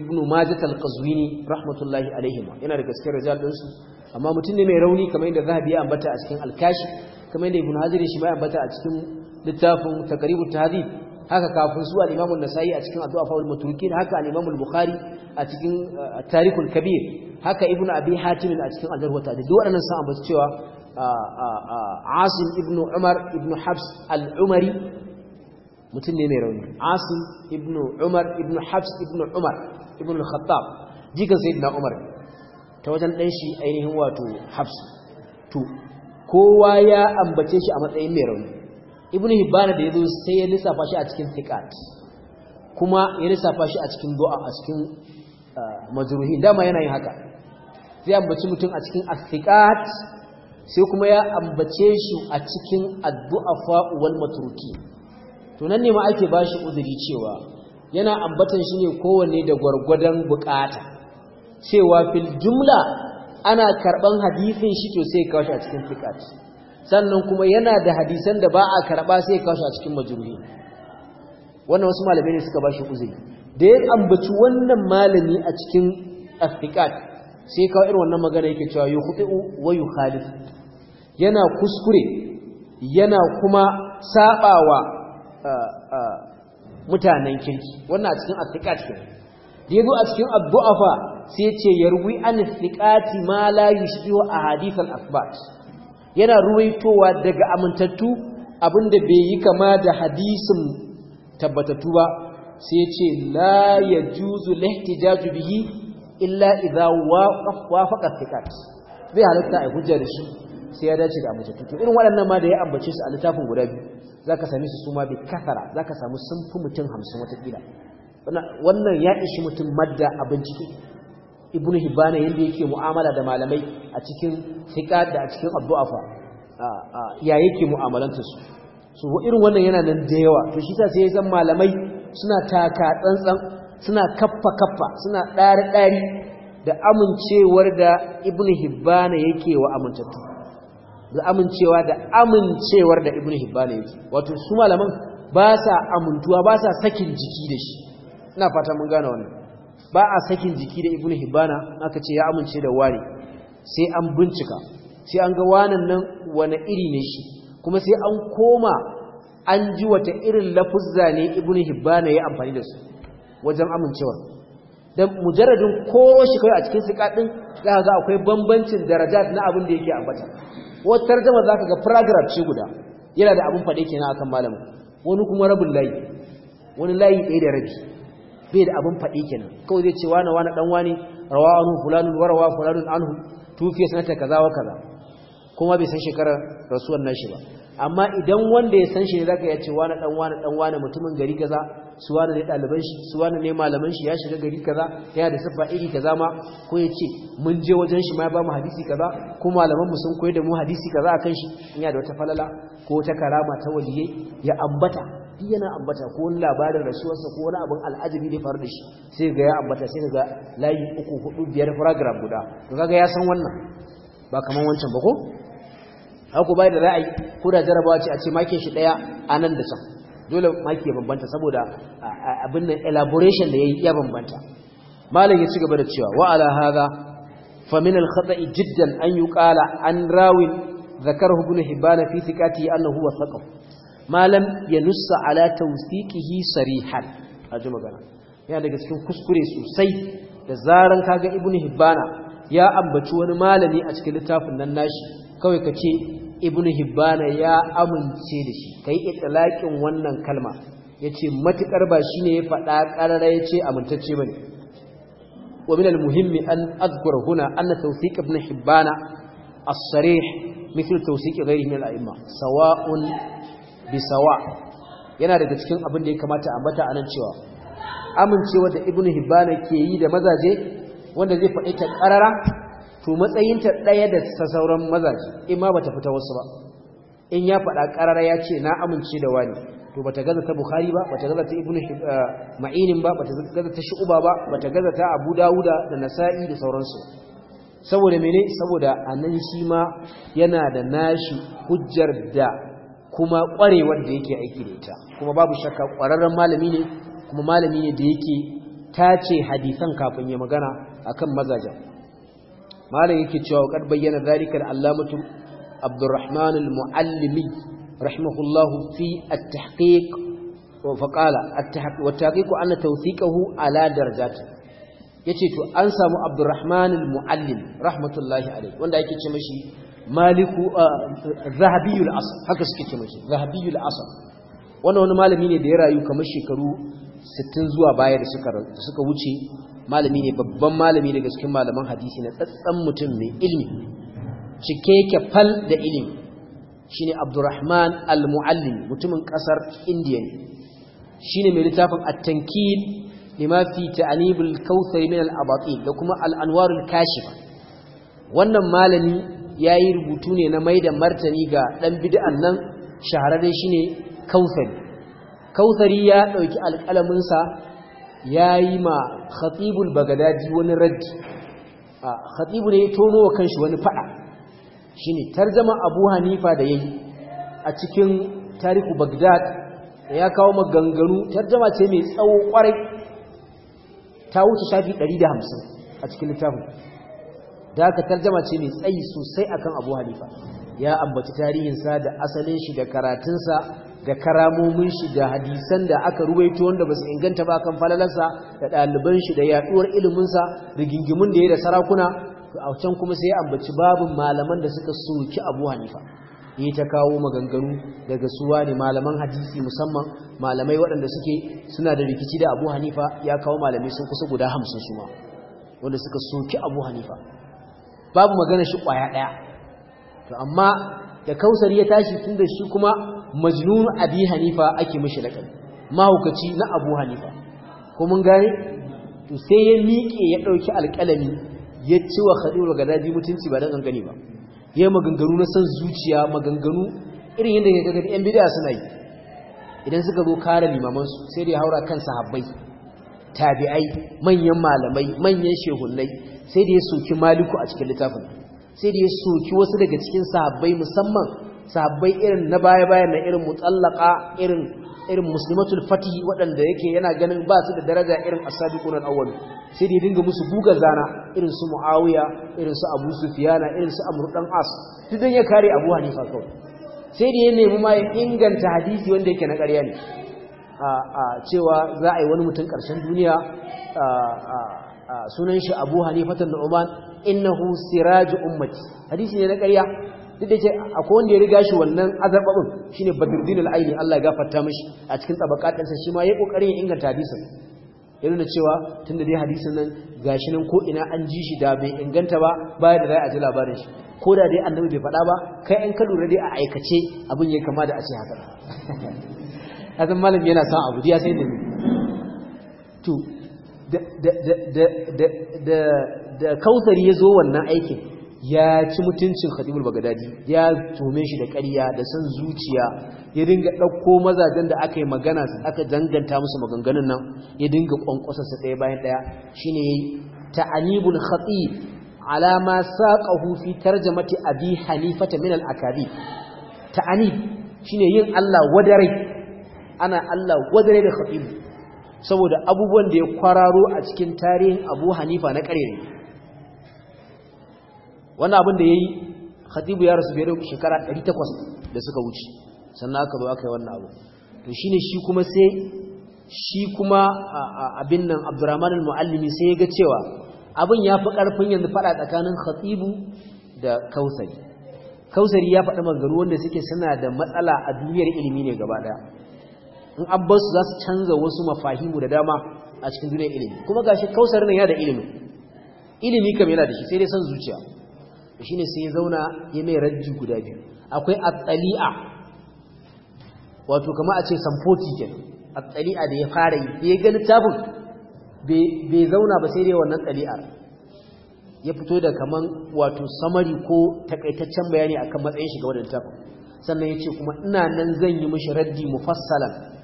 ibn majah al-qazwini rahmatullahi alaihima yana da gaskiyar rijal din su amma mutum ne mai rauni kamar yadda zahabi ya ambata a cikin al-kashi kamar yadda ibn hazir shi ma ya ambata a cikin littafin taqribut tahdhib haka kafin su al-imamu an-nasa'i a cikin addu'a faul mutrukin haka al-imamu al-bukhari a cikin eh, tarikul kabir haka ibn abi hatim a cikin al-jarh wa ta'dil duk waɗannan sun ambata cewa ah, ah, ah, asim ibn umar ibn habs al-umari mutum ne mai rauni asim ibn umar ibn hafs ibn umar ibn al-khattab jikan sayyidina umar ta wajen dan shi ainihin wato hafs to kowa ya ambace shi a matsayin mai rauni ibn Hibana da yazo sai ya lissafa shi a cikin thiqat kuma ya lissafa shi a cikin du'a a cikin ah, majruhi dama yana yin haka zai ambaci mutum a cikin athiqat sai kuma ya ambace shi a cikin addu'a fa'u wal matruki to nan ne ma ake bashi uzuri cewa yana ambatan shi ne kowanne da gwargwadon bukata cewa fil jumla ana karban hadisin shi to sai kawo shi a cikin fiqat sannan kuma yana da hadisan da ba a karba sai kawo shi a cikin majruhi wannan wasu malamai ne suka bashi uzuri da ya ambaci wannan malami a cikin afikat sai kawo irin wannan magana yake cewa yukhti'u wa yukhalif yana kuskure yana kuma sabawa mutanen kirki wannan a cikin attiqat ke da yazo a cikin addu'afa sai ya ce yarwi an attiqati ma la yushbihu ahadith al-athbat yana ruwaitowa daga amintattu abinda bai yi kama da hadisin tabbatattu ba sai ya ce la yajuzu lihtijaju bihi illa idza wafaqa attiqat bai halatta a hujja da shi sai ya dace da amintattu irin waɗannan ma da ya ambace su a littafin guda biyu Za ka same su suma bi kasara ka samu sun fi mutum hamsin watakila wannan ya ishi mutum madda a bincike Ibn hibana yadda yake mu'amala da malamai a cikin fiƙa da a cikin addu'afa ya yake mu'amalantarsu su so irin wannan yana nan da yawa to shi sa sai zan malamai suna taka tsantsan suna kaffa kaffa suna ɗari ɗari da amincewar da ibnu hibana yake wa amintattu da amincewa da amincewar da ibn hibban yake wato su malaman ba sa amintuwa ba sa sakin jiki da shi ina fata mun gane wannan ba a sakin jiki da ibn hibban aka ce ya amince da wani sai an bincika sai an ga wannan nan wani iri ne shi kuma sai an koma an ji wata irin lafuzza ne ibn hibban ya amfani da su wajen amincewa da mujarradin ko shi kai a cikin sika za ka ga akwai bambancin darajat na abin da yake ambata wata tarjama zaka ga paragraph ce guda yana da abin fade kenan akan malamin wani kuma rabin layi wani layi ɗaya da rabi bai da abin fade kenan kawai zai ce wani wani dan wani rawa anhu fulanun wa fulanun anhu tufiya sanata kaza wa kaza kuma bai san shekarar rasuwan nashi ba amma idan wanda ya san shi ne zaka ya ce wani dan wani dan wani mutumin gari kaza su wani ne daliban shi su wani ne malaman shi ya shiga gari kaza yana da siffa iri kaza ma ko ya ce mun je wajen shi ma ya ba hadisi kaza ko malaman mu sun koyar da mu hadisi kaza akan shi in ya da wata falala ko ta karama ta waliye. ya ambata yana ambata ko wani labarin rasuwarsa ko wani abin al'ajabi ne faru da shi sai ga ya ambata sai ga layi uku hudu biyar paragraph guda to kaga ya san wannan ba kaman wancan ba ko haku bai da ra'ayi ko da jarabawa ce a ce makin shi daya a nan da can dole maki ya bambanta saboda abin nan elaboration da yayi ya bambanta malam ya ci gaba da cewa wa ala hadha fa min al khata'i jiddan an yuqala an rawin zakar ibn hibban fi thiqati annahu wasaqaf malam ya nussa ala tawsiqihi sarihan aji magana yana daga cikin kuskure sosai da zaran kaga ibn hibbana ya ambaci wani malami a cikin littafin nan nashi kawai ka ce ibn hibbana ya amince da shi kai itlaqin wannan kalma yace matukar ba shine ya faɗa qarara yace amintacce bane wa min al-muhimmi an azkura huna anna tawfiq ibn hibbana as-sarih mithl tawfiq ghayrihi min al-a'imma sawa'un bi sawa yana daga cikin abin da ya kamata a ambata anan cewa amincewa da ibn hibbana ke yi da mazaje wanda zai faɗi ta qarara to matsayinta ɗaya da ta sauran mazaje in ma bata fita wasu ba in ya faɗa ƙarara ya ce na amince da wani to bata gaza ta bukhari ba bata gaza ta ibnu eh, ma'inin ba bata gaza ta shu'uba ba bata gaza ta abu dawuda da nasa'i da sauransu saboda mene saboda anan shi ma yana da nashi hujjar da kuma ƙwarewar da yake aiki da ita kuma babu shakka ƙwararren malami ne kuma malami ne da yake tace hadisan kafin ya magana akan mazajen malam yake cewa kad bayyana zalika al-allamatu Abdurrahman al-Muallimi rahimahullahu fi at-tahqiq wa faqala at-tahqiq wa at anna tawthiqahu ala darajati yace to an samu Abdurrahman al-Muallim rahmatullahi alayhi wanda yake ce mashi Maliku Zahabiyul Asr haka suke ce mashi Zahabiyul Asr wannan wani malami ne da ya rayu kamar shekaru 60 zuwa baya da suka wuce malami ne babban malami daga cikin malaman hadisi na tsatsan mutum mai ilmi cike ke fal da ilimi shine Abdurrahman al-Muallim mutumin kasar Indiya ne shine mai littafin at-tankil lima fi ta'anib al min al da kuma al-anwar al wannan malami yayi rubutu ne na maida martani ga dan bid'an nan shahararren shine Kausari- Kausari ya ɗauki alƙalamin ya yi ma khatibul bagadaji wani raddi a khatibul ne ya tono wa kanshi wani fada shi ne tarzama abu hanifa da ya yi a cikin tariku bagdad ya kawo maganganu tarzama ce mai tsawo kwarai ta wuce shafi 150 a cikin littafin da aka tarjama ce mai tsayi sosai akan abu hanifa ya ambaci tarihinsa da asalin shi da karatunsa da karamomin shi da hadisan da aka ruwaito wanda ba su inganta ba kan falalarsa da ɗaliban shi da yaɗuwar iliminsa da gingimin da ya da sarakuna a can kuma sai ambaci babin malaman da suka soki abu hanifa ya ta kawo maganganu daga suwa ne malaman hadisi musamman malamai waɗanda suke suna da rikici da abu hanifa ya kawo malamai sun kusa guda hamsin su ma wanda suka soki abu hanifa babu magana shi ƙwaya ɗaya to amma da kausar ya tashi tun da shi kuma majnun abi hanifa ake mishi laƙabi mahaukaci na abu hanifa ko mun gane to sai ya miƙe ya ɗauki alƙalami ya ci wa khadiru biyu mutunci ba don gani ba ya maganganu na san zuciya maganganu irin yadda ya gagari yan bida suna yi idan suka zo kare limamansu sai da ya haura kan sahabbai tabi'ai manyan malamai manyan shehunnai sai da ya soki maliku a cikin littafin sai da ya soki wasu daga cikin sahabbai musamman sabai irin na baya baya na irin mutsallaka irin irin muslimatul fatih waɗanda yake yana ganin ba su da daraja irin asabiqun al-awwal sai da dinga musu buga zana irin su muawiya irin su abu sufyana irin su amr dan as duk ya kare abu hanifa kawai sai da ya nemi ma ya inganta hadisi wanda yake na ƙarya ne a cewa za a yi wani mutum ƙarshen duniya sunan shi abu hanifatan nu'man innahu siraju ummati hadisi ne na ƙarya duk da yake akwai wanda ya riga shi wannan azababin shine Badruddin al-Aini Allah ya gafarta mishi a cikin tabaqatan sa shi ma yayi kokarin inganta hadisin ya nuna cewa tunda dai hadisin nan gashi nan ko ina an ji shi da bai inganta ba baya da za a ji labarin shi ko da dai annabi bai faɗa ba kai an ka lura dai a aikace abin ya kama da a ce haka azan malam yana son abu ya sai to da kausari ya zo wannan aikin ya ci mutuncin khatibul bagadadi ya tome shi da ƙarya da san zuciya ya dinga ɗauko mazajen da aka yi magana su, aka danganta musu maganganun nan ya dinga ƙwanƙwasa su ɗaya bayan ɗaya shine ta'anibul khatib alama ma saqahu tarjamati abi hanifata min al'akari ta'anib ta'anib ne yin Allah wadare ana Allah wadare da khatib saboda abubuwan da ya kwararo a cikin tarihin Abu Hanifa na ƙarere wannan abin da ya yi, khatibu ya rasu da shekara 800 da suka wuce sannan aka zo aka yi wannan abu to shine shi kuma sai shi kuma abin nan Abdurrahman al-Muallimi sai ya ga cewa abin ya fi karfin yanzu fada tsakanin khatibu da Kausari Kausari ya faɗi maganganu wanda suke suna da matsala a duniyar ilimi ne gaba daya in abbas za su canza wasu mafahimu da dama a cikin duniyar ilimi kuma gashi kausar nan ya da ilimi ilimi kam yana da shi sai dai son zuciya ne sai ya zauna ya mai rajji guda biyu akwai atsali'a wato kama a ce samfoti ke atsali'a da ya fara yi ya gani littafin bai zauna ba sai dai wannan tsali'ar. ya fito da kaman wato samari ko takaitaccen bayani akan matsayin shiga wadanda wannan sannan ya ce kuma ina nan zan yi mashi raddi mufassalan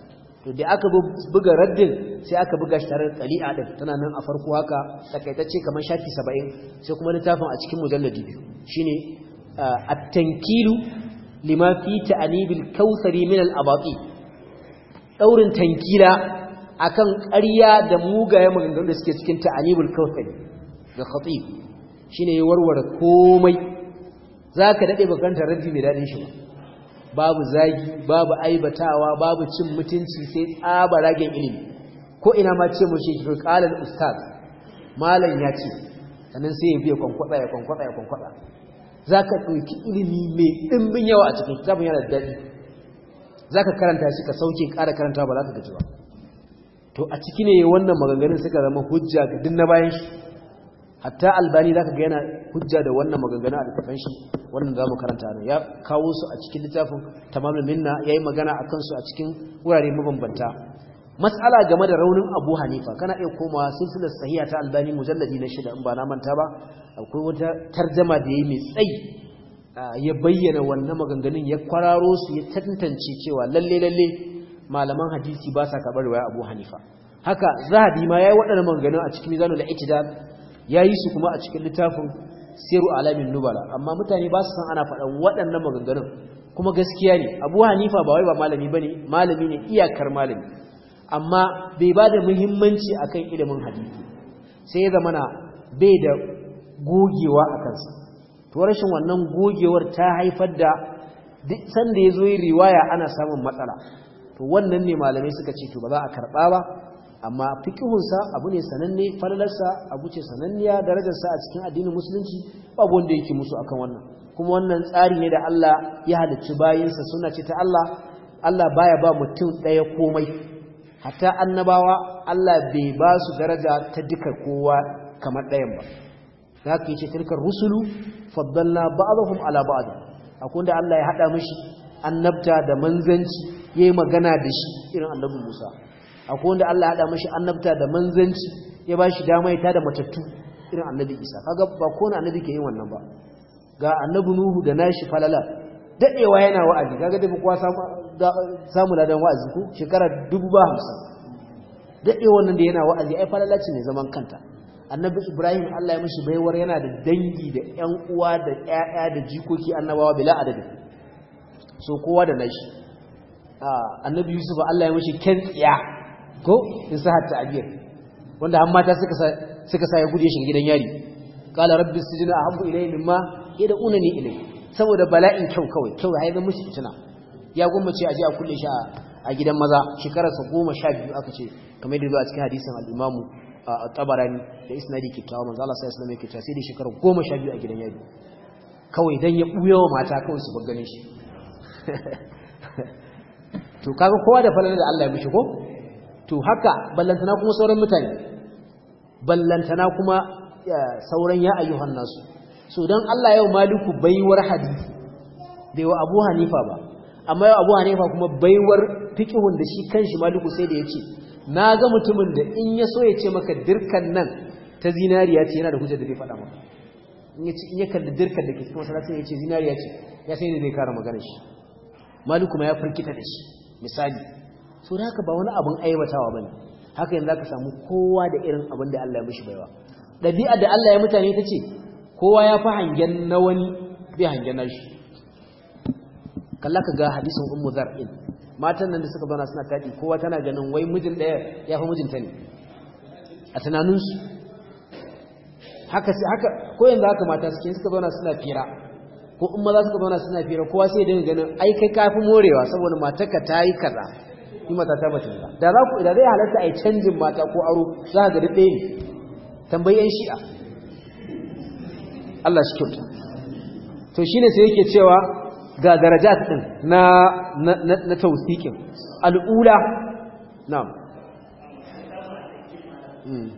to da aka buga raddin sai aka buga shi tare da tsali'a din tana nan a farko haka takaitacce kamar shafi saba'in, sai kuma littafin a cikin mujalladi biyu shine at-tankilu lima fi ta'nibil kautsari min al-abati daurin tankila akan ƙarya da mugayen maganganun da suke cikin ta'nibul kautsari da khatib shine ya warware komai zaka dade bakanta raddi mai dadin shi ba babu zagi babu aibatawa babu cin mutunci sai tsaba ragen ilimi ko ina ma ce mu shi qalan ustaz malam ya ce sannan sai ya biya kwankwada ya kwankwada ya kwankwada zaka ɗauki ilimi mai dimbin yawa a cikin kitabun yana da dadi zaka karanta shi ka sauke ƙara karanta ba za ka gaji ba to a ciki ne wannan maganganun suka zama hujja ga duk na bayan shi hatta albani ka ga yana hujja da wannan maganganu a littafin shi wannan zamu karanta ne ya kawo su a cikin littafin tamamul minna yayi magana akan su a cikin wurare mabambanta Matsala game da raunin Abu Hanifa kana iya komawa silsilar sahiha ta albani mujalladi na shida in ba na manta ba akwai wata tarjama da yayi mai tsayi ya bayyana wannan maganganun ya kwararo su ya tantance cewa lalle lalle malaman hadisi ba sa karɓar Abu Hanifa haka zahabi ma yayi waɗannan maganganun a cikin mizanul i'tidal ya yi su kuma a cikin littafin siru alamin nubala amma mutane ba su san ana faɗan waɗannan maganganun kuma gaskiya ne abu hanifa ba wai ba malami ba ne malami ne iyakar malami amma bai ba da muhimmanci a kan ilimin hadithi sai ya zamana bai da gogewa a kansa to rashin wannan gogewar ta haifar da duk sanda ya zo yi riwaya ana samun matsala to wannan ne malamai suka ce to ba za a karɓa ba amma fikihunsa abu ne sananne falalarsa abu ce sananniya darajarsa a cikin addinin musulunci babu wanda yake musu akan wannan kuma wannan tsari ne da Allah ya halicci bayinsa suna ce ta Allah Allah baya ba mutum ɗaya komai hatta annabawa Allah bai ba su daraja ta duka kowa kamar ɗayan ba za ka yi ce tilkar rusulu faddalla ba'dahum ala ba'd akwai da Allah ya hada mishi annabta da manzanci yayi magana da shi irin annabi Musa akwai wanda Allah ya hada mashi annabta da manzanci ya ba shi dama ya tada matattu irin annabi Isa kaga ba ko annabi ke yin wannan ba ga annabi Nuhu da nashi falala daɗewa yana wa'azi kaga dafi kuwa samu ladan wa'azi ko shekara dubu ba hamsin. Daɗewa wannan da yana wa'azi ai falala ce ne zaman kanta annabi Ibrahim Allah ya mashi baiwar yana da dangi da ƴan uwa da ƴaƴa da jikoki annabawa bila adadi so kowa da nashi ah, annabi Yusuf Allah ya mishi kentsiya ko in sa hatta abiyar wanda an mata suka sa ya gude shi gidan yari qala rabbi sijina ahabbu ilayhi mimma yad'unani ilayhi saboda bala'in kyau kawai kyau ya zama shi tuna ya gwammace ce aje a kulle shi a gidan maza shekararsa goma sha biyu aka ce kamar da zuwa cikin hadisin al-imamu at tabarani da isnadi kyakkyawa manzo Allah sai islam yake cewa sai da shekarar goma sha biyu a gidan yari kawai dan ya buya wa mata kawai su ganin shi to kaga kowa da falalar da Allah ya mishi ko to haka ballantana kuma sauran mutane ballantana kuma sauran ya ayyuhan nasu so dan Allah yau maliku baiwar hadisi bai wa Abu Hanifa ba amma yau Abu Hanifa kuma baiwar fiqhun da shi kanshi maliku sai da yace na ga mutumin da in ya so ya ce maka dirkan nan ta zinariya ce yana da hujja da zai faɗa maka in ya kalli dirkan da ke cikin masalacin ya ce zinariya ce ya sai da zai kara magana shi maliku ma ya farkita da shi misali so da haka ba wani abin aibatawa bane haka yanzu zaka samu kowa da irin abin da Allah ya mishi baiwa dabi'a da Allah ya mutane ta ce kowa ya fi hangen na wani bi hangen na shi kalla ka ga hadisin ummu zar'in matan nan da suka zauna suna kadi, kowa tana ganin wai mijin ɗaya ya fi mijinta ne a tunaninsu haka haka ko yanzu haka mata suke suka zauna suna fira ko in maza suka zauna suna fira kowa sai dinga ganin ai kai kafi morewa saboda matarka ta yi kaza ni mata ta bata ba da za ku da zai halatta ai canjin mata ko aro za a ga dade ne tambayi shi'a Allah shi kyauta to shine sai yake cewa ga darajat din na na na al'ula na'am hmm.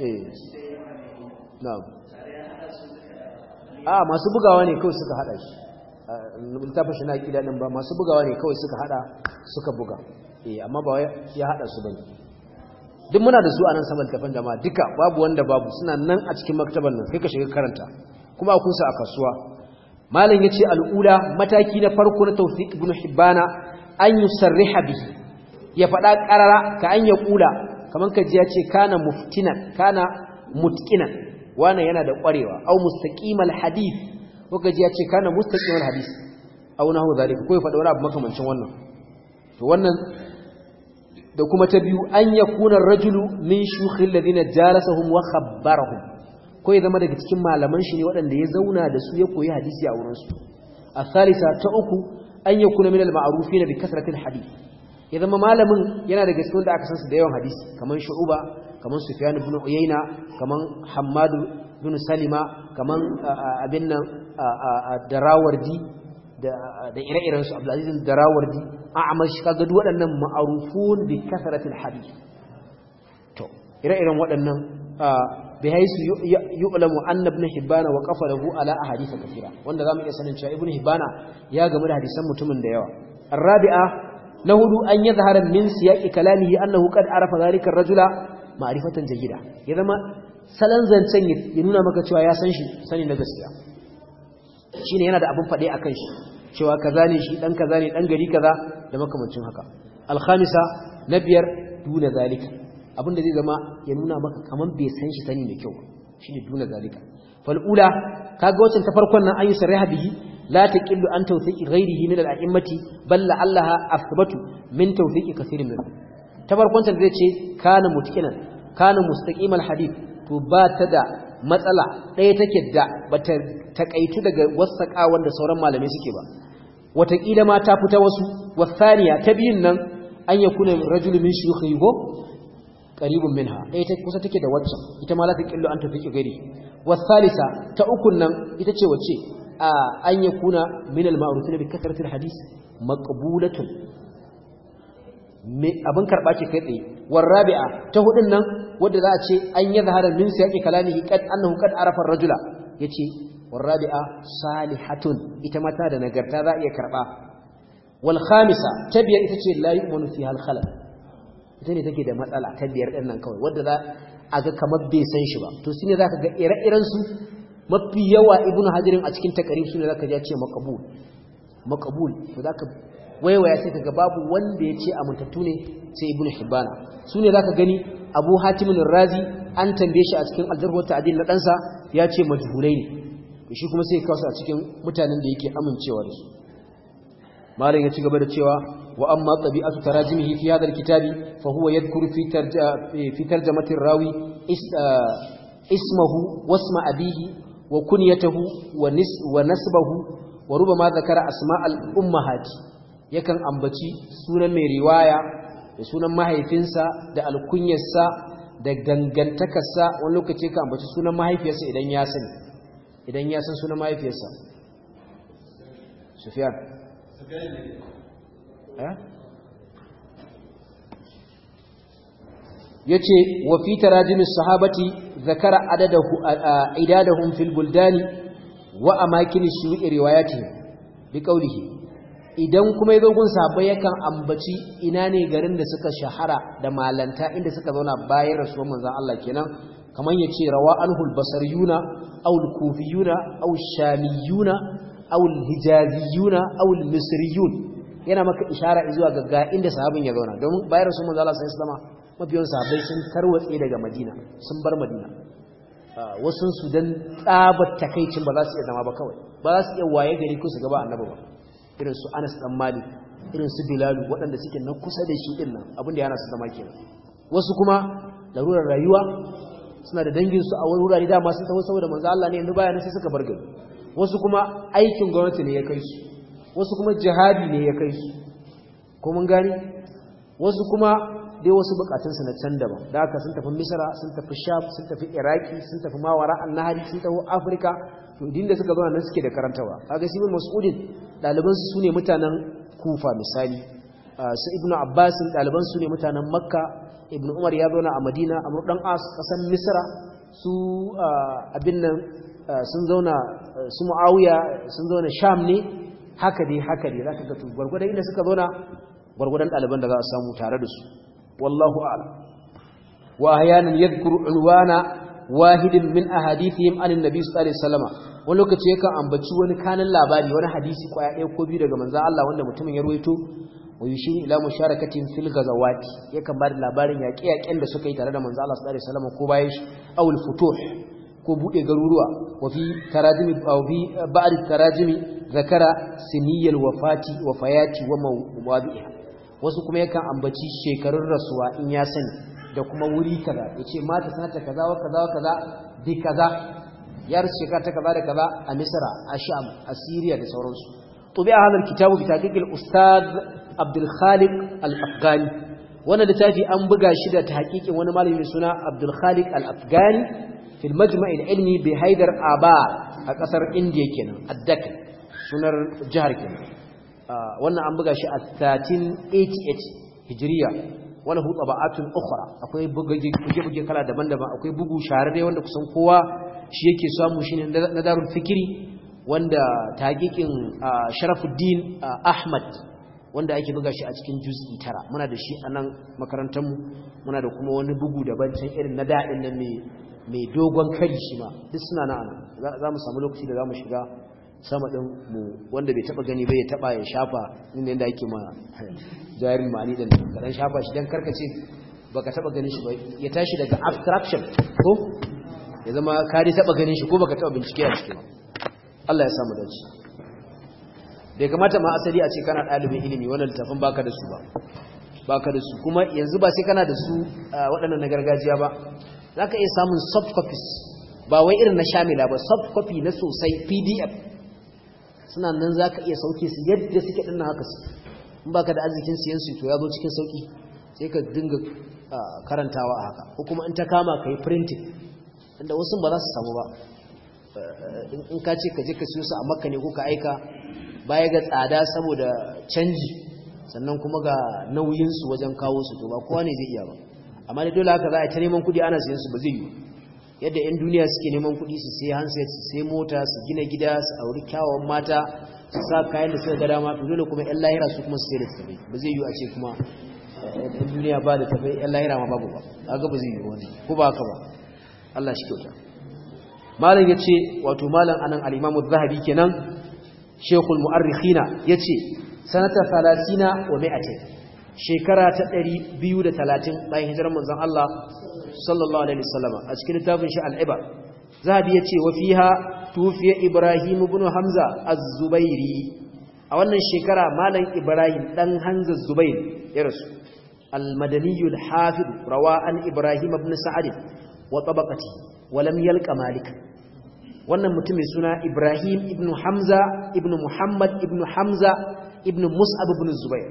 eh. na'am a masu bugawa ne kawai suka hada shi littafin shi na kida ɗin ba masu bugawa ne kawai suka hada suka buga e amma ba ya hada su ne. duk muna da su a nan sama littafin jama'a duka babu wanda babu suna nan a cikin maktabar nan kai ka shiga karanta kuma akun sa a kasuwa malam ya ce al'ula mataki na farko na tawfiq ibn hibbana an yusarriha bihi ya faɗa ƙarara ka an ya kula kaman kaji ya ce kana muftinan kana mutkinan wannan yana da kwarewa au mustaqimal hadith kuka ji ya ce kana mustaqimal hadith au nahu zalika ko ya faɗa wani abu makamancin wannan to wannan da kuma ta biyu an yakuna rajulu min shukhil ladina jalasahum wa khabbarahum ko ya zama daga cikin malaman shi ne waɗanda ya zauna da su ya koyi hadisi a wurin su a salisa ta uku an yakuna min al-ma'rufina bi kasratil hadith ya zama malamin yana daga cikin da aka san su da yawan hadisi kamar shu'uba kamar sufyan ibn uyayna kamar hammad ibn salima kamar abin nan darawardi da ire-iren su abdulaziz darawardi a'mash kaga duk waɗannan ma'arufun bi kasratil hadith to ire-iren waɗannan wanda يؤلم أن ابن حبان وقف له على أحاديث كثيرة وأن da من سنة شاء ابن حبان يا جمال حديث متمن ديوا الرابعة نهد أن يظهر من سياق كلامه أنه قد عرف ذلك الرجل ma'arifatan jagida ya zama salon zancen ya nuna maka cewa ya san shi sani na gaskiya Shi ne yana da abin faɗe kan shi cewa kaza ne shi ɗan kaza ne ɗan gari kaza da makamancin haka alkhamisa na biyar duna zalika abin da zai zama ya nuna maka kamar bai san shi sani mai kyau ne duna zalika fal'ula ga wacin ta farkon nan yi sarriha bihi la ƙillu an tawthiqi ghayrihi min al'immati balla allaha athbatu min tawthiqi kasirin min ta farkon ta zai ce kana mutqinan kana mustaqim alhadith to ba ta da matsala ɗaya take da bata takaitu daga wasaƙa wanda sauran malamai suke ba wataƙila ma ta fita wasu wasaniya ta biyun nan an yakuna rajul min shuyukhihi qaribun minha ɗaya ta kusa take da wacce ita ma la taqillu an tafiqi gari wasalisa ta ukun nan ita ce wacce a an yakuna min al-ma'rufin bi kasratil hadith maqbulatun me abin karba ce kai tsaye والرابعة تهدنا ودلا أتي أن يظهر من سياق كلامه قد أنه قد عرف الرجل يتي والرابعة صالحة إتمتا دنقرتا ذا يكربا والخامسة تبيا إتتي لا يؤمن فيها الخلل إتني تكيد مسألة تبيا رئنا كوي ودلا aga kamar bai san shi ba to shine zaka ga ire-iren su mafi yawa ibnu hadirin a cikin takarif sune zaka ji ya ce maqbul maqbul to zaka waiwaya sai kaga babu wanda ya ce amintattu ne sai ibn hibbana su ne zaka gani abu hatimin razi an tambaye shi a cikin aljarwar ta'adil na ɗansa ya ce majhulai ne shi kuma sai kawo su a cikin mutanen da yake amincewa da su malam ya ci gaba da cewa wa amma tabi'atu tarajimihi fi hadha alkitabi fa huwa yadhkuru fi fi tarjamati rawi ismahu wasma abihi wa kunyatahu wa nisbahu wa rubama dhakara asma ummahati yakan ambaci sunan mai riwaya da sunan mahaifinsa da alkunyarsa da gangantakarsa wani lokaci yakan ambaci sunan mahaifiyarsa idan ya sani idan ya san sunan mahaifiyarsa Ya eh? ce wa fi tarajim sahabati zakara adadahun filbuldani wa buldani wa shi shu'i riwayatihi bi qawlihi idan kuma ya zogun sabai yakan ambaci ina ne garin da suka shahara da malanta inda suka zauna bayan rasuwar manzan Allah kenan kamar ya ce rawa anhul basariyuna aul kufiyuna aul shamiyuna yuna, hijaziyuna aul misriyun yana maka ishara zuwa ga inda sahabin ya zauna domin bayan rasuwar manzan Allah sai islama mafiyan sahabbai sun tarwatse daga madina sun bar madina ah, wasu su dan tsabar takaicin ba za su iya zama ba kawai ba za su iya waye gari ko su gaba annabi ba irin su Anas dan Malik irin su Bilal waɗanda suke na kusa da shi din nan abin yana su zama kenan wasu kuma larurar rayuwa suna da dangin su a wurare da masu tsawon saboda manzo Allah ne yanzu bayan sai suka bar gari wasu kuma aikin gwamnati ne ya kai su wasu kuma jihadi ne ya kai su ko mun gani wasu kuma dai wasu su na can ba da haka sun tafi misra sun tafi sham sun tafi iraki sun tafi mawara annahari sun tafi afirka to din suka zauna nan suke da karantawa kaga shi ibn mas'udin daliban su ne mutanen kufa misali ah, su ibnu abbas daliban su ne mutanen makka ibnu umar ya zauna a madina a dan as kasan misra su ah, abin nan ah, sun zauna su muawiya sun zauna sham ne haka dai haka dai zaka ga to gurgurdan inda suka zauna gurgurdan daliban da za a samu tare da su wallahu a'lam wa ahyanan yadhkuru unwana wahidin min ahadithihim anin nabi sallallahu alaihi wasallam wani lokaci yakan ambaci wani kanin labari wani hadisi kwaya ɗaya ko biyu daga manzan Allah wanda mutumin ya ruwaito wa yushiru ila katin fil ghazawati yakan bada labarin yaƙe-yaƙen da suka yi tare da manzan Allah sallallahu alaihi wasallam ko bayan shi awul futuh ko buɗe garuruwa wa fi tarajimi aw fi tarajimi zakara siniyal wafati wa mawadi'iha wasu kuma yakan ambaci shekarun rasuwa in ya sani da kuma wuri kaza yace mata sanata kaza wa kaza wa kaza bi kaza ya shekara ta kaza da kaza a misra a sham a Siriya da sauransu tubi a hadal kitabu bi taqiqil ustad abdul al afghani wannan littafi an buga shi da tahqiqin wani malami suna abdul al afghani fil majma' al ilmi bi haidar aba a kasar Indiya kenan addak sunar jihar kenan wannan an buga shi a 1388 hijriya wala hu tabaatun ukhra akwai buge buge kala daban-daban akwai bugu shahararre wanda kusan kowa shi yake samu shine na darul fikiri wanda taqiqin sharafuddin ahmad wanda ake buga shi a cikin juz'i tara muna da shi anan makarantar mu muna da kuma wani bugu daban can irin na da'in nan mai dogon kari shi ma duk suna nan za mu samu lokaci da za mu shiga sama ɗin mu wanda bai taba gani ba ya taɓa ya shafa inda yadda ake ma jarin ma'ani ɗin kaɗan shafa shi don karkace ba ka taɓa ganin shi ba ya tashi daga abstraction ko ya zama ka taba ganin shi ko baka taba bincike a cikin Allah ya samu dace bai kamata ma asali a ce kana ɗalibin ilimi wannan littafin baka da su ba baka da su kuma yanzu ba sai kana da su waɗannan na gargajiya ba za iya samun soft copies ba wai irin na shamila ba soft copy na sosai pdf suna nan za ka iya sauke su yadda suke ɗin haka su in baka da arzikin su yansu to ya zo cikin sauki sai ka dinga karantawa a haka ko kuma in ta kama ka yi printing inda wasu ba za su samu ba eh, in ka ce ka je ka siyo su a makka ne ko ka aika baya ga tsada saboda canji sannan kuma ga nauyinsu wajen kawo su to ba kowa ne zai iya ba amma da dole haka za a ta neman kuɗi ana siyan su ba zai yi yadda 'yan duniya suke neman kuɗi su sai handset su sai mota su gina gida su auri kyawawan mata su sa kayan da suka ga dama to dole kuma 'yan lahira su kuma su sai da tafi ba zai yi a ce kuma 'yan eh, duniya ba da tafi 'yan lahira ma babu ba ga ba zai yi wani ko ba haka ba Allah shi kyauta malam yace wato malam anan al-Imam az-Zahabi kenan Sheikhul Mu'arrikhina yace sanata 30 wa 200 shekara ta 230 bayan hijirar manzon Allah sallallahu alaihi wasallam a cikin littafin shi al-Ibar Zahabi yace wa fiha tufiya Ibrahim ibn Hamza az-Zubairi a wannan shekara malam Ibrahim dan Hamza Zubair ya rasu al-Madani al-Hafid rawa an Ibrahim ibn Sa'd wa tabaqati wa lam yalqa malik wannan mutumin suna Ibrahim ibn Hamza ibn Muhammad ibn Hamza ibn Mus'ab ibn Zubair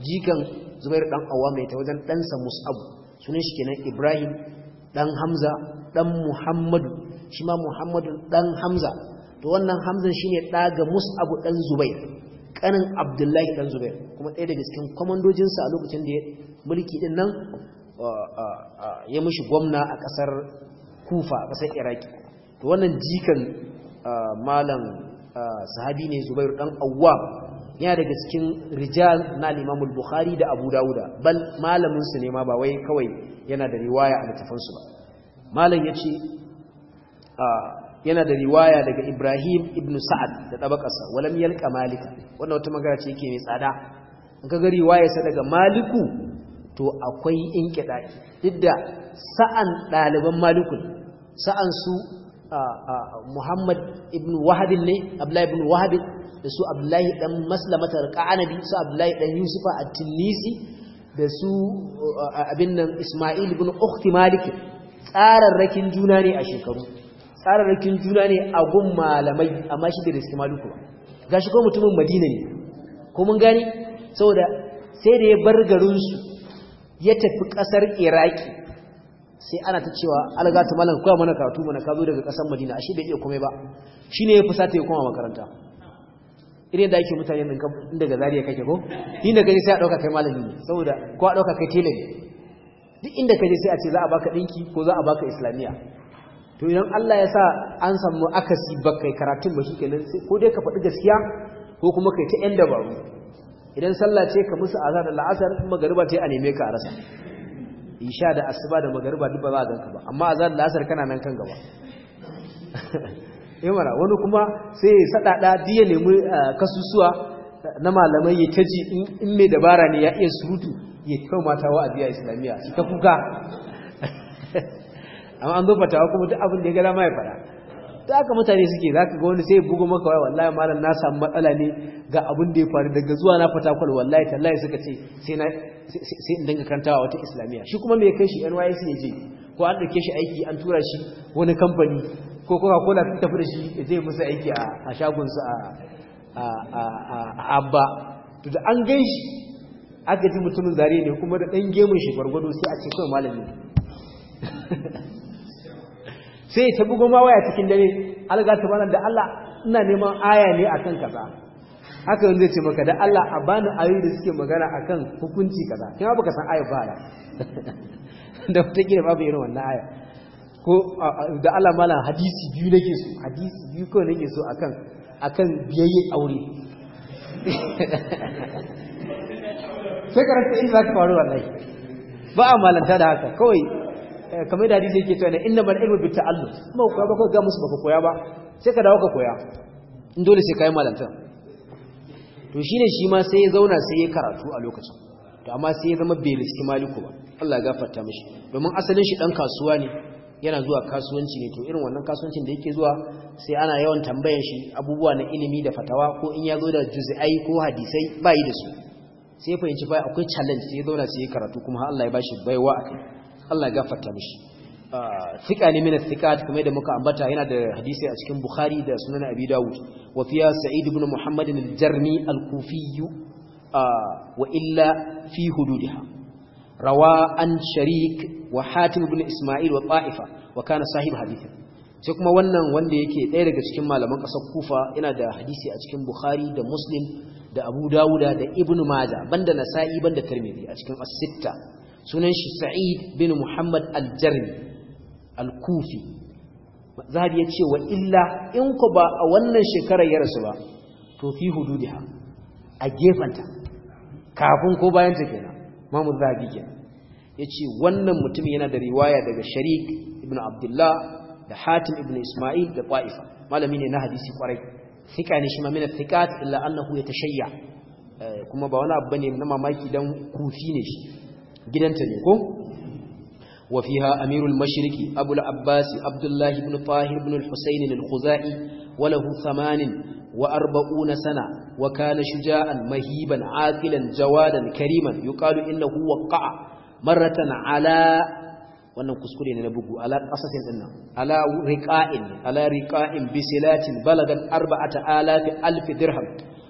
jikan Zubair dan Awwam ne ta wajen ɗansa Mus'ab sunan shi kenan Ibrahim dan Hamza dan Muhammad shi ma Muhammadu dan Hamza to wannan Hamza shine ɗaga ga Mus'ab dan Zubair kanin Abdullahi dan Zubair kuma ɗaya daga cikin komandojinsa a lokacin da ya mulki din nan ya mushi gwamna a kasar kufa a kasar iraki to wannan jikan malam sahabi ne zubairu dan awwa yana daga cikin rijal na limamul bukhari da Abu Dawuda bal malamin ne ma ba wai kawai yana da riwaya a littafansu ba malam yace yana da riwaya daga Ibrahim ibnu Sa'ad da tabaqasa walam yalqa malika wannan wata magana ce yake mai tsada in ka ga riwayarsa daga Maliku to akwai inkiɗa'i duk da sa'an ɗaliban malikul sa'an su muhammad ibn wahabin ne abdullahi ibn wahabin da su abdullahi ɗan maslamatar qanabi su abdullahi ɗan yusufa a tunisi da su abin nan ismail ibn ukhti malikin tsararrakin juna ne a shekaru tsararrakin juna ne a gun malamai amma shi da riski maluku Gashi ko mutumin madina ne ko mun gani saboda sai da ya bar garinsu ya tafi ƙasar iraki sai ana ta cewa alga ta malam kowa mana karatu mana ka zo daga ƙasar madina ashe bai iya komai ba shine ya fusata ya koma makaranta irin da ake mutane nan kan daga zariya kake ko ni da gani sai a dauka kai malami ne saboda ko a dauka kai tele ne duk inda kaje sai a ce za a baka dinki ko za a baka islamiya to idan Allah ya sa an samu akasi ba kai karatun ba kenan sai ko dai ka faɗi gaskiya ko kuma kai ta yan dabaru idan sallah ce ka musu azar da la'asar kuma magariba ce a neme ka a rasa sha da asuba da magariba duk ba za a ganka ba amma azar da la'asar kana nan kan gaba eh mara wani kuma sai ya sadada diya nemi eh, kasusuwa na malamai ya taji in mai dabara ne ya iya surutu ya kawo mata wa'azi a islamiyya su ta kuka amma an zo fatawa kuma duk abin da ya ga ma ya fara ta haka mutane suke za ka ga wani sai bugu maka wai wallahi malam na samu matsala ne ga abin da ya faru daga zuwa na fata kwal wallahi tallahi suka ce sai na sai in dinga karantawa wata islamiyya shi kuma me kai shi NYC ya je ko an dauke shi aiki an tura shi wani kamfani ko kuma cola ta tafi da shi ya je musu aiki a shagon su a a a abba to da an gan shi aka ji mutumin zare ne kuma da dan gemun shi gwargwado sai a ce kai sai ta bugo ma waya cikin dare alga ta bana da Allah ina neman aya ne akan kaza haka yanzu zai ce maka da Allah a bani ayoyi da suke magana akan hukunci kaza kin ba ka san aya ba da da wata kira babu irin wannan aya ko da Allah mala hadisi biyu nake so hadisi biyu ko nake so akan akan biyayyen aure sai karanta inda ka faru wallahi ba a malanta da haka kawai Eh, kamar da hadisi yake cewa inna bal ilmu bit ta'allum ba koya ba ko ga musu ba ka koya ba sai ka dawo ka koya in dole sai kai malanta to shine shi ma sai ya zauna sai ya karatu a lokacin to amma sai ya zama bai riski maliku ba Allah ya gafarta mishi domin asalin shi dan kasuwa ne yana zuwa kasuwanci ne to irin wannan kasuwancin da yake zuwa sai ana yawan tambayar shi abubuwa na ilimi da fatawa ko in ya zo da juz'ai ko hadisai ba yi da su sai fahimci bai akwai challenge sai ya zauna sai ya karatu kuma Allah ya bashi baiwa akai Allah ya gafarta mishi thika ne min thiqat kuma da muka ambata yana da hadisi a cikin Bukhari da Sunan Abi Dawud wa fiya Sa'id ibn Muhammad al-Jarmi al-Kufi wa illa fi hududiha rawa an Sharik wa Hatim ibn Isma'il wa Ta'ifa wa kana sahib hadithin sai kuma wannan wanda yake ɗaya daga cikin malaman ƙasar kufa yana da hadisi a cikin bukhari da muslim da abu dawuda da ibn maja banda nasa'i banda tirmidhi a cikin as-sitta sunan shi sa'id bin muhammad aljarmi alkufi zahabi ya ce wa illa in ku ba a wannan shekarar ya rasu ba to fi hududiha a gefanta kafin ko bayan ta kenan mamu zahabi kenan ya ce wannan mutum yana da riwaya daga sharik ibn abdullah da hatim ibn ismail da ƙwa'ifa malami ne na hadisi kwarai fika ne shi mamina fikat illa annahu ya tashayya eh, kuma ba wani abu ne na mamaki dan kufi ne shi gidanta ne ko wafiha amirul Mashiriki abu al’abbasi abdullahi ibn fahir ibn al-husaini al-khuzai wala huthamanin wa arba'una sana wa kana shuja'an mahiban aqilan jawadan kariman yuqalu innahu waqa'a marratan ala wannan kuskure ne na bugu ala asasin din nan ala riqa'in ala riqa'in bisilatin balagan arba'ata alafi alfi dirham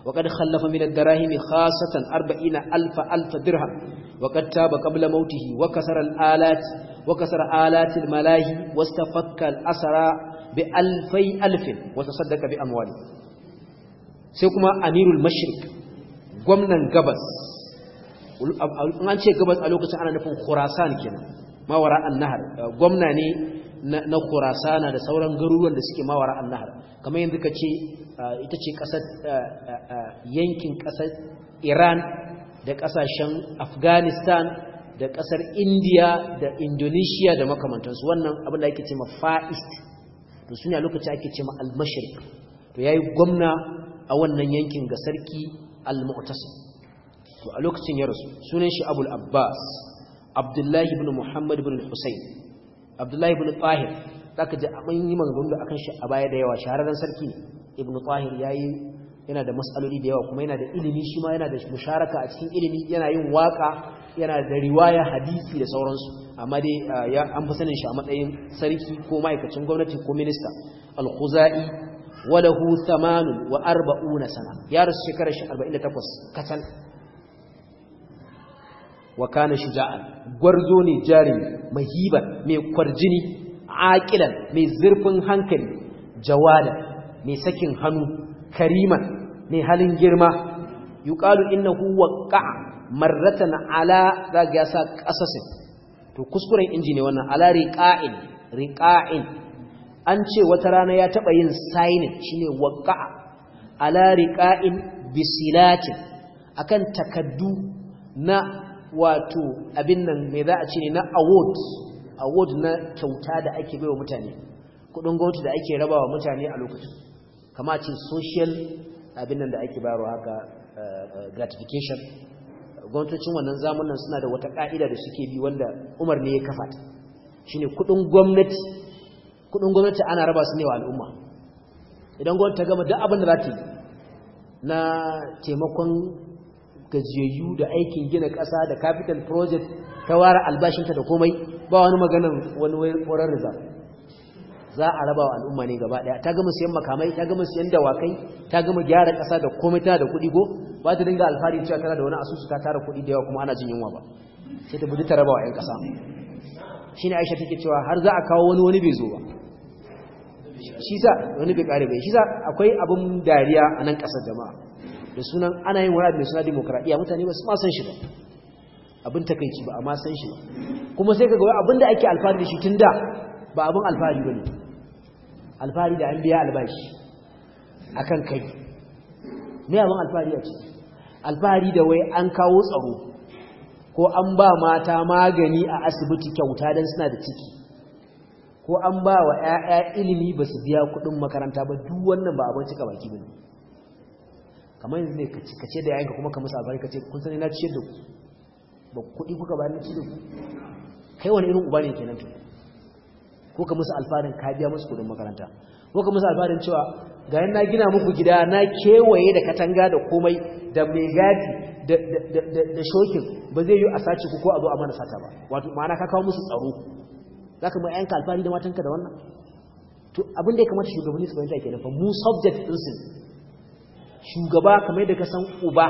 وقد خلف من الدراهم خاصة أربعين ألف ألف درهم وقد تاب قبل موته وكسر الآلات وكسر آلات الملاهي واستفك الأسرى بألفي ألف وتصدق بأمواله سيكما أمير المشرق gwamnan gabas an ce gabas a lokacin ana nufin khurasan kenan mawara annahar gwamna ne na khurasana da sauran garuruwan da suke mawara annahar kamar yanzu ka ce uh, ita ce kasar uh, uh, yankin kasar iran da ƙasashen afghanistan da kasar india da indonesia da makamantansu wannan abin da ake ce ma fa'ist to suna lokaci ake ce ma almashirk to ya yi gwamna a wannan yankin ga sarki al-mu'tasim to a lokacin ya rasu sunan shi abul abbas abdullahi ibn muhammad ibn hussein. abdullahi ibn tahir zaka ji an yi maganganu akan shi a baya da yawa shahararren sarki ibn ya yayi yana da matsaloli da yawa kuma yana da ilimi shi ma yana da musharaka a cikin ilimi yana yin waka yana da riwaya hadisi da sauransu amma dai an fi sanin shi a matsayin sarki ko ma'aikacin gwamnati ko minista al-khuzai wa 48 sana ya rasu shekarar 48 kacal wa kana shuja'an gwarzo ne jarimi mahiban mai kwarjini aqilan mai zurfin hankali jawada mai sakin hannu kariman mai halin girma yuqalu innahu waqa marratan ala zaga yasa qasasin to kuskuren inji ne wannan ala riqa'in riqa'in an ce wata rana ya taba yin signing shine waqa ala riqa'in bisilatin akan takaddu na wato abin nan mai za a ce ne na award award na kyauta da ake baiwa mutane kudin gwamnati da ake rabawa mutane a lokacin kama ce social abin nan da ake bayarwa haka eh, eh, gratification gwamnatocin wannan zamanin suna da wata ka'ida da suke bi wanda Umar ne ya kafa ta shine kudin gwamnati kudin gwamnati ana raba su ne wa al'umma idan gwamnati ta gama duk abin da za ta yi na taimakon gajiyayyu da aikin gina ƙasa da capital project ta ware albashinta da komai ba wani maganan wani wurin riza za a raba wa al'umma ne gaba ɗaya ta gama siyan makamai ta gama siyan dawakai ta gama gyara ƙasa da komai tana da kuɗi go ba ta dinga alfahari cewa tana da wani asusu ta tara kuɗi da yawa kuma ana jin yunwa ba sai ta buji ta raba wa 'yan ƙasa shine Aisha take cewa har za a kawo wani wani bai zo ba shi sa wani bai kare bai shi sa akwai abin dariya a nan ƙasar jama'a da sunan ana yin wani abu mai suna demokradiyya mutane ba su ma san shi ba abin takaici ba a ma san shi ba kuma sai ka kaga abin da ake alfahari da shi tun da ba abin alfahari ba ne alfahari da an biya albashi a kan kai me abin alfahari a ce alfahari da wai an kawo tsaro ko an ba mata magani a asibiti kyauta don suna da ciki ko an ba wa 'ya'ya ilimi ba su biya kuɗin makaranta ba duk wannan ba abin cika baki ba ne kamar yanzu ne ka ce da yayinka kuma ka musu albarka ce kun sani na ci da ku ba kuɗi kuka ba na ci da ku kai wani irin uba ne kenan to ko ka musu alfarin ka biya musu kuɗin makaranta ko ka musu alfarin cewa ga yan na gina muku gida na kewaye da katanga da komai da mai gadi da shokin ba zai yi a sace ku ko a zo a mana sata ba wato ma'ana ka kawo musu tsaro za ka mai yanka alfahari da matanka da wannan to abin da ya kamata shugabanni su fahimta kenan fa mu subject ɗinsu shugaba kamar da ka san uba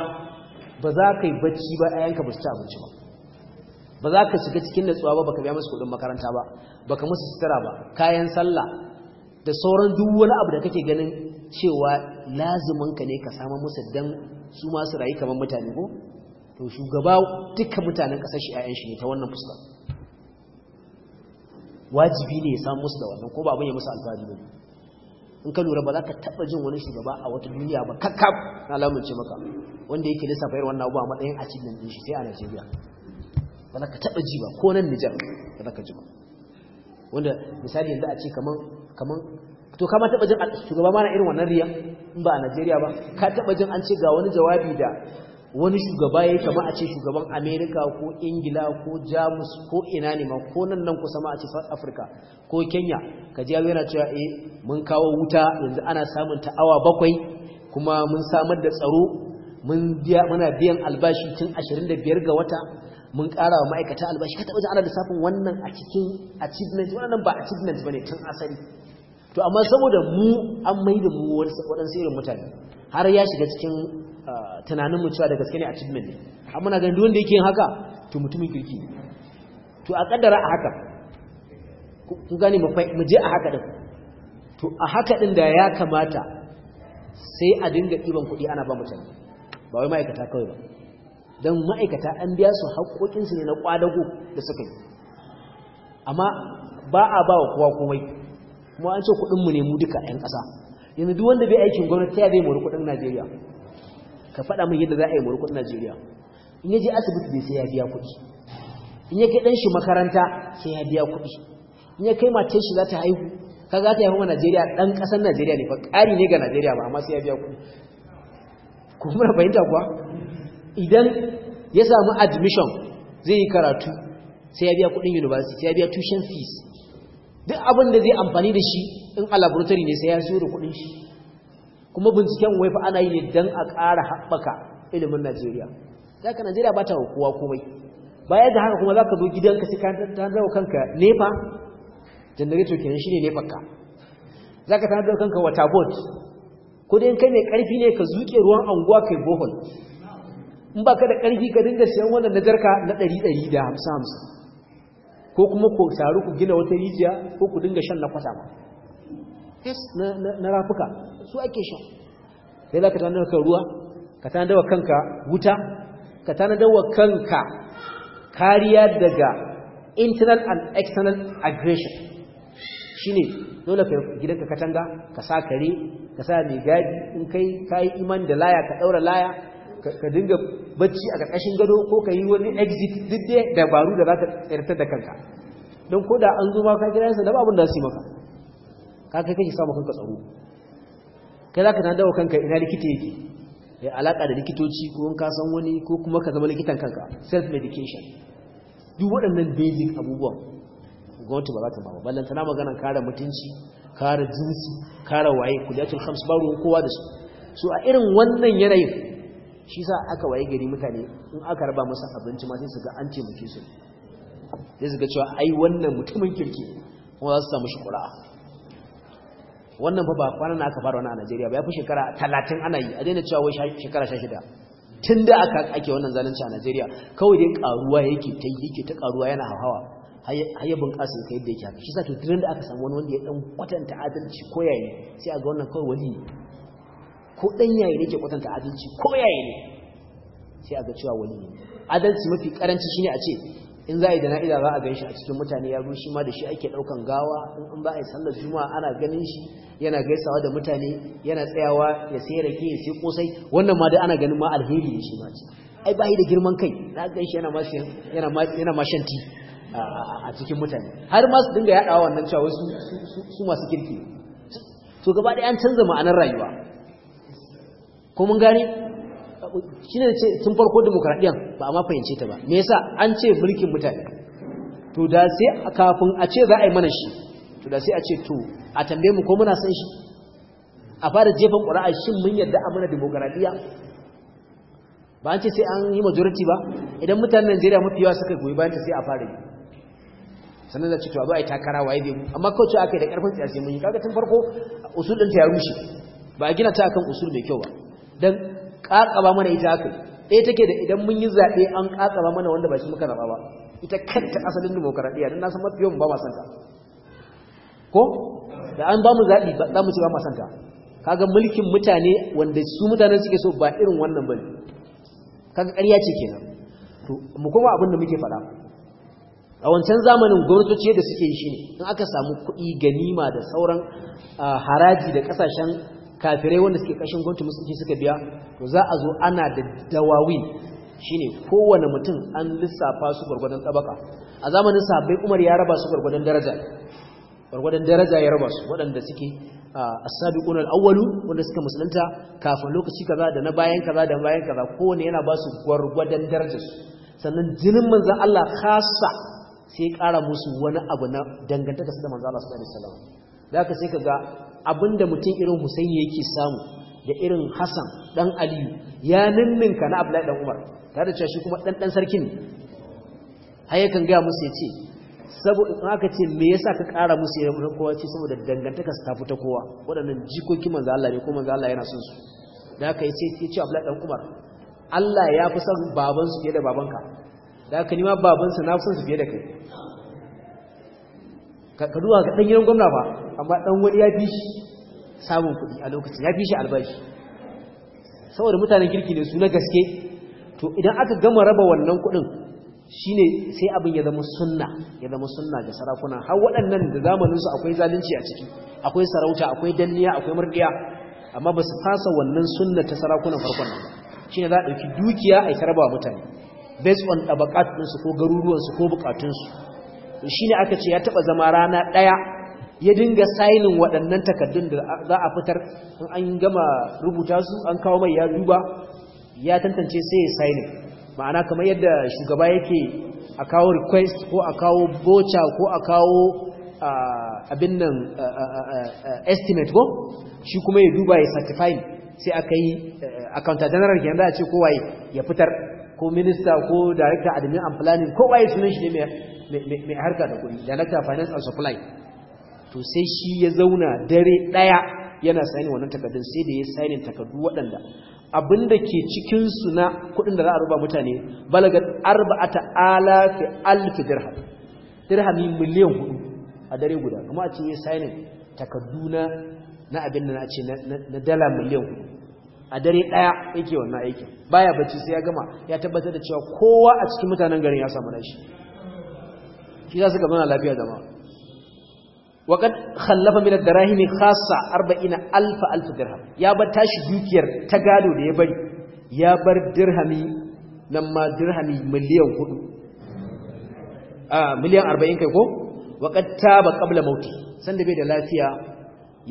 ba za ka yi bacci ba ayanka ba su ci abinci ba ba za ka shiga cikin natsuwa ba baka biya musu kudin makaranta ba baka musu sutura ba kayan sallah da sauran duk wani abu da kake ganin cewa lazumin ka ne ka samu musu dan su masu rayu kamar mutane ko to shugaba dukkan mutanen kasar shi ayan shi ne ta wannan fuska wajibi ne ya samu musu da wannan ko ba abin ya musu alfahari ba in ka lura ba za ka taɓa jin wani shugaba a wata duniya ba kakkab na lamunce maka wanda yake lissa irin wannan abuwa matsayin a cikin din shi sai a Najeriya ba za ka taɓa ji ba ko nan Nijar ba za ka ji ba wanda misali yanzu a ce kaman to kama taɓa jin shugaba ma na irin wannan riya in ba a Najeriya ba ka taɓa jin an ce ga wani jawabi da wani shugaba ya kama a ce shugaban amerika ko ingila ko jamus ko ina ne ma ko nan nan kusa ma a ce south africa ko kenya ka ji yana cewa eh mun kawo wuta yanzu ana samun ta awa bakwai kuma mun samar da tsaro mun biya muna biyan albashi tun 25 ga wata mun ƙara wa ma'aikata albashi ka taɓa ana lissafin wannan a cikin achievement wannan ba achievement bane tun asali to amma saboda mu an mai da mu waɗansu irin mutane har ya shiga cikin tunanin mu cewa da gaske ne a cikin ne amma na ganin duk wanda yake yin haka to mutumin kirki to a kaddara a haka ku gane mu je a haka din to a haka din da ya kamata sai a dinga ɗiban kuɗi ana ba mutane ba wai ma'aikata kawai ba don ma'aikata an biya su haƙoƙinsu ne na ƙwadago da suka yi amma ba a ba wa kowa komai kuma an ce kuɗinmu ne mu duka 'yan ƙasa yanzu duk wanda bai aikin gwamnati ta yabe mu kuɗin najeriya ka faɗa min yadda za a yi murkun Najeriya in ya je asibiti sai ya biya kuɗi in ya kai ɗanshi makaranta sai ya biya kuɗi in ya kai matar shi za ta haihu ka za ta haihu wa Najeriya ɗan ƙasar Najeriya ne fa ƙari ne ga Najeriya ba amma sai ya biya kuɗi ku fahimta kuwa idan ya samu admission zai yi karatu sai ya biya kuɗin university sai ya biya tuition fees duk abin da zai amfani da shi in a laboratory ne sai ya zo da kuɗin shi kuma binciken waifa ana yi dan a ƙara haɓaka ilimin Najeriya zaka Najeriya ba ta kowa komai baya da haka kuma zaka zo gidanka sai ka tanzar kanka nefa generator kenan shine nefa ka zaka tanzar kanka water board ko dai kai mai ƙarfi ne ka zuke ruwan anguwa kai bohol in baka da karfi ka dinga siyan wannan na jarka na ɗari da hamsin-hamsin? ko kuma ko saru ku gina wata rijiya ko ku dinga shan na kwasa ma na rafuka su ake sha sai za ka tanadar kan ruwa ka tanadar wa kanka wuta ka tanadar wa kanka kariya daga internal and external aggression ne dole ka gidanka katanga ka sa kare ka sa mai gadi in kai ka yi iman da laya ka daura laya ka dinga bacci a ƙarƙashin gado ko ka yi wani exit duk da dabaru da za ka tsirtar da kanka don ko da an zo ma ka da ba abin da su yi maka ka kai kake samu kanka tsaro kai za ka na dawa kanka ina likita yake ya alaƙa da likitoci ko ka san wani ko kuma ka zama likitan kanka self medication duk waɗannan basic abubuwan gwamnati ba za ta ba ballan tana magana kare mutunci kare jinsi kare waye kudatul hams ba ruwan kowa da su so a irin wannan yanayin shi sa aka waye gari mutane in aka raba masa abinci ma sai su ga an taimake su sai su cewa ai wannan mutumin kirki kuma za su samu shi wannan fa ba kwanan na aka fara wannan a Najeriya ba ya fi shekara 30 ana yi a daina cewa wai shekara 16 tun da aka ake wannan zalunci a Najeriya kawai dai karuwa yake ta yake ta karuwa yana hawa haye ya bunƙasa kai yadda yake haka shi sa to da aka samu wani wanda ya dan kwatanta adalci ko yayi sai a ga wannan kawai wali ko dan yayi ne ke kwatanta adalci ko yayi ne sai a ga cewa wali ne adalci mafi karanci shine a ce in za a yi na'ida za a gan shi a cikin mutane ya rushe ma da shi ake ɗaukan gawa in ba a yi sallar juma'a ana ganin shi yana gaisawa da mutane yana tsayawa ya sai rake ya sai kosai wannan ma da ana ganin ma alheri ne shi ma ce ai ba da girman kai na gan shi yana ma shanti a cikin mutane har ma su dinga yaɗawa wannan cewa wasu su masu kirki to gaba ɗaya an canza ma'anar rayuwa ko mun gane shi ne ce tun farko demokradiyyar ba a ma fahimce ta ba me yasa an ce mulkin mutane to da sai kafin a ce za a yi mana shi to da sai a ce to a tambaye mu ko muna san shi a fara jefan ƙura'a shin mun yadda a mana demokradiyya ba an ce sai an yi majority ba idan mutanen Najeriya mafi yawa suka goyi bayan ta sai a fara yi sannan da ce to a zo a yi takara waye zai amma kawai aka yi da ƙarfin tsiyar sai mun yi kaga tun farko usul ɗin ta ya rushe ba a gina ta akan usul mai kyau ba dan ƙaƙaba mana ita aka ɗaya take da idan mun yi zaɓe an ƙaƙaba mana wanda ba shi muka zaɓa ba ita kanta asalin dimokuraɗiyya don na san mafi yawan ba ma santa ko da an ba mu zaɓi ba za mu ci ba ma santa kaga mulkin mutane wanda su mutanen suke so ba irin wannan ba ne kaga ƙarya ce kenan to mu koma abin da muke faɗa a wancan zamanin gwamnatoci da suke yi shine in aka samu kuɗi ganima da sauran ah, haraji da ƙasashen kafirai wanda suke kashin gwamnati musulunci suka biya to za a zo ana da dawawin shine kowane mutum an lissafa su gwargwadon tabaka a zamanin sahabbai Umar ya raba su gwargwadon daraja gwargwadon daraja ya raba su waɗanda suke as-sabiqun wanda suka musulunta kafin lokaci kaza da na bayan kaza da bayan kaza kowane yana ba su gwargwadon darajar su sannan jinin manzon Allah khassa sai ya kara musu wani abu na dangantaka su da manzon Allah sallallahu alaihi wasallam da haka sai kaga abinda mutum irin Husaini yake samu da irin Hassan dan Aliyu ya ninninka na Abdullahi dan Umar tare da cewa shi kuma dan dan sarkin ne kan ga musu yace saboda in aka ce me yasa ka ƙara musu ya mun kowa ce saboda dangantaka su ta fita kowa Wadannan jikoki manzo Allah ne ko manzo Allah yana son su da aka yace yace Abdullahi dan Umar Allah ya fi son babansu fiye da babanka da aka nima babansa na fi son su fiye da kai ka duwa ga dan gidan gwamna ba amma ɗan wani ya fi shi samun kuɗi a lokacin ya fi shi albashi saboda mutanen kirki ne su na gaske to idan aka gama raba wannan kuɗin shi ne sai abin ya zama sunna ya zama sunna ga sarakuna har waɗannan da zamaninsu akwai zalunci a ciki akwai sarauta akwai danniya akwai murdiya amma ba su fasa wannan sunna ta sarakunan farkon nan shine za a ɗauki dukiya a yi karaba mutane based on ɗabaƙat ko garuruwansu ko buƙatunsu shi ne aka ce ya taɓa zama rana ɗaya ya dinga sainin waɗannan takardun da za a fitar in an gama rubuta su an kawo mai ya duba ya tantance sai ya sainin ma'ana kamar yadda shugaba yake a kawo request ko a kawo bocha ko a kawo abin nan estimate ko shi kuma ya duba ya certify sai aka yi eh, accountant general kenan da a ce kowa ya fitar ko minista ko director admin and planning kowa sunan shi ne mai harka da kuɗi director finance and supply to sai shi ya zauna dare ɗaya yana sainin wannan takardun sai da ya sainin takardu waɗanda abin da ke cikinsu na kuɗin da za a ruba mutane balagar arba'ata alafi alfi dirham dirhami miliyan hudu a dare guda kuma a ce ya sainin takardu na abin da na ce na dala miliyan hudu a dare ɗaya yake wannan aikin baya bacci sai ya gama ya tabbatar da cewa kowa a cikin mutanen garin ya samu nashi shi za su gaba na lafiya zama waƙad khalafa minar da rahimin khasa arba'ina alfa alfa dirham ya bar tashi dukiyar ta gado da ya bari ya bar dirhami nan ma dirhami miliyan hudu a miliyan arba'in kai ko waƙad ta ba ƙabla mauti sanda bai da lafiya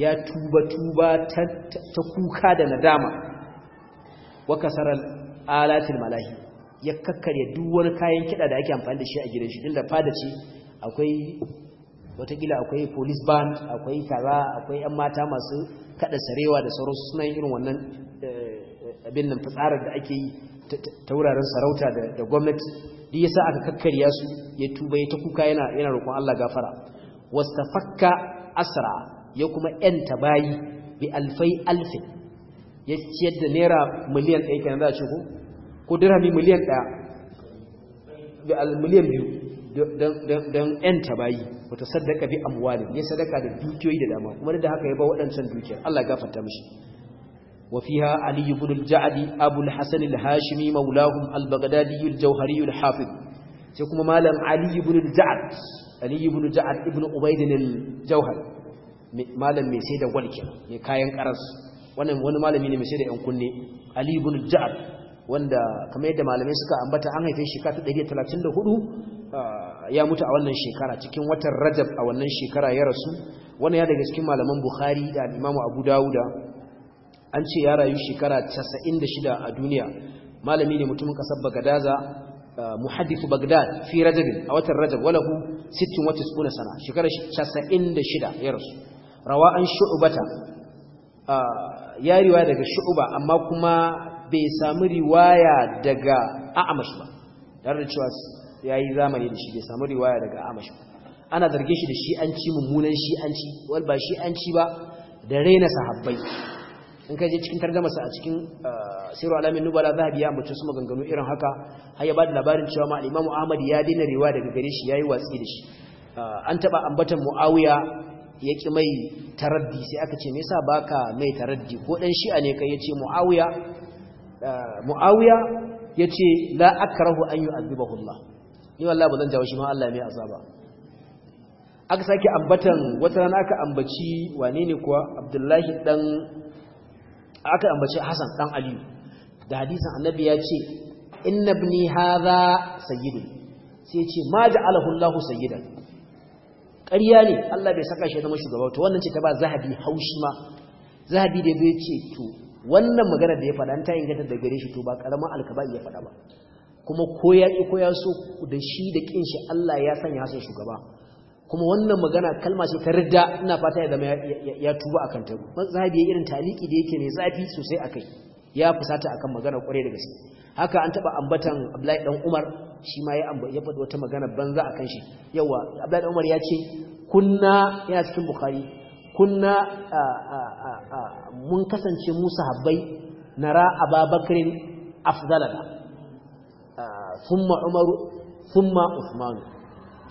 ya tuba tuba ta kuka da nadama waƙa tsarar alatin malahi ya duk wani kayan kiɗa da ake amfani da shi a gidan shi inda fada ce akwai watakila akwai police band akwai kaza akwai yan mata masu kada sarewa da sauransu suna yin irin wannan eh, abin nan fitsarar da ake yi ta wuraren sarauta da gwamnati duk yasa aka kakkarya su ya tuba ya ta kuka yana yana roƙon Allah gafara wastafakka asra ya kuma yan tabayi bi alfai alfin ya ciyar da naira miliyan ɗaya kenan za a ce ko ko dirhami miliyan ɗaya al miliyan biyu don ‘yan tabayi wata sadaka bi amwalin ya sadaka da dukiyoyi da dama kuma da haka ya ba waɗancan dukiyar Allah gafarta mashi وفيها علي بن الجعد أبو الحسن الهاشمي مولاهم البغدادي الجوهري الحافظ سيكون مالا علي بن الجعد علي بن الجعد ابن عبيد الجوهري مالا wannan wani malami ne mai sai da yan kunne Ali ibn Ja'ad wanda kamar yadda malamai suka ambata an haife shi ka ta 134 ya mutu a wannan shekara cikin watan rajab a wannan shekara ya rasu wannan ya daga cikin malaman buhari da imamu abu dawuda an ce ya rayu shekara 96 a duniya malami ne mutumin kasar bagadaza muhaddifu bagdad fi Rajabin a watan rajab wata 66 sana shekara 96 ya rasu rawa an shu'ubata ya riwaya daga shu'ba amma kuma bai sami riwaya daga a'amash ba ya yi zamani da shi bai samu riwaya daga amashi ana zarge shi da shi'anci mummunan shi'anci wal ba shi'anci ba da raina sahabbai in ka je cikin tarjamasa a cikin ah, siru alamin nubala zahabi ya mutu su maganganu irin haka har ya bada labarin cewa ma imamu ahmad ya daina riwaya daga gare shi yi watsi da shi ah, an taba ambatan muawiya ya ki mai taraddi sai aka ce me yasa baka mai taraddi ko dan shi'a ne kai yace muawiya ah, muawiya yace la akrahu an yu'adhibahu Allah ni wallah ba zan jawo shi ma Allah mai azaba aka sake ambatan wata rana aka ambaci wane ne kuwa Abdullahi dan aka ambaci Hassan dan Aliyu da hadisin annabi ya ce inna ibni hadha sayyidun sai ce ma ja'alahu Allahu sayyidan ƙarya ne Allah bai saka shi zama shugaba to wannan ce ta ba zahabi haushi ma zahabi da bai ce to wannan magana da ya faɗa ta inganta da gare shi to ba ƙaramin alkaba ya faɗa ba kuma ko ya ko ya so da shi da ƙin shi Allah ya sanya sai shugaba kuma wannan magana kalma ce ta ridda ina fata ya zama ya tuba akan ta mazhabi ya irin taliki da yake ne zafi sosai akai ya fusata akan magana kware da gaske haka an taba ambatan Abdullahi dan Umar shi ma ya ya faɗi wata magana banza akan shi yawa Abdullahi dan Umar ya ce kunna yana cikin Bukhari kunna mun kasance mu sahabbai nara Ababakrin afdalana thumma umaru thumma usman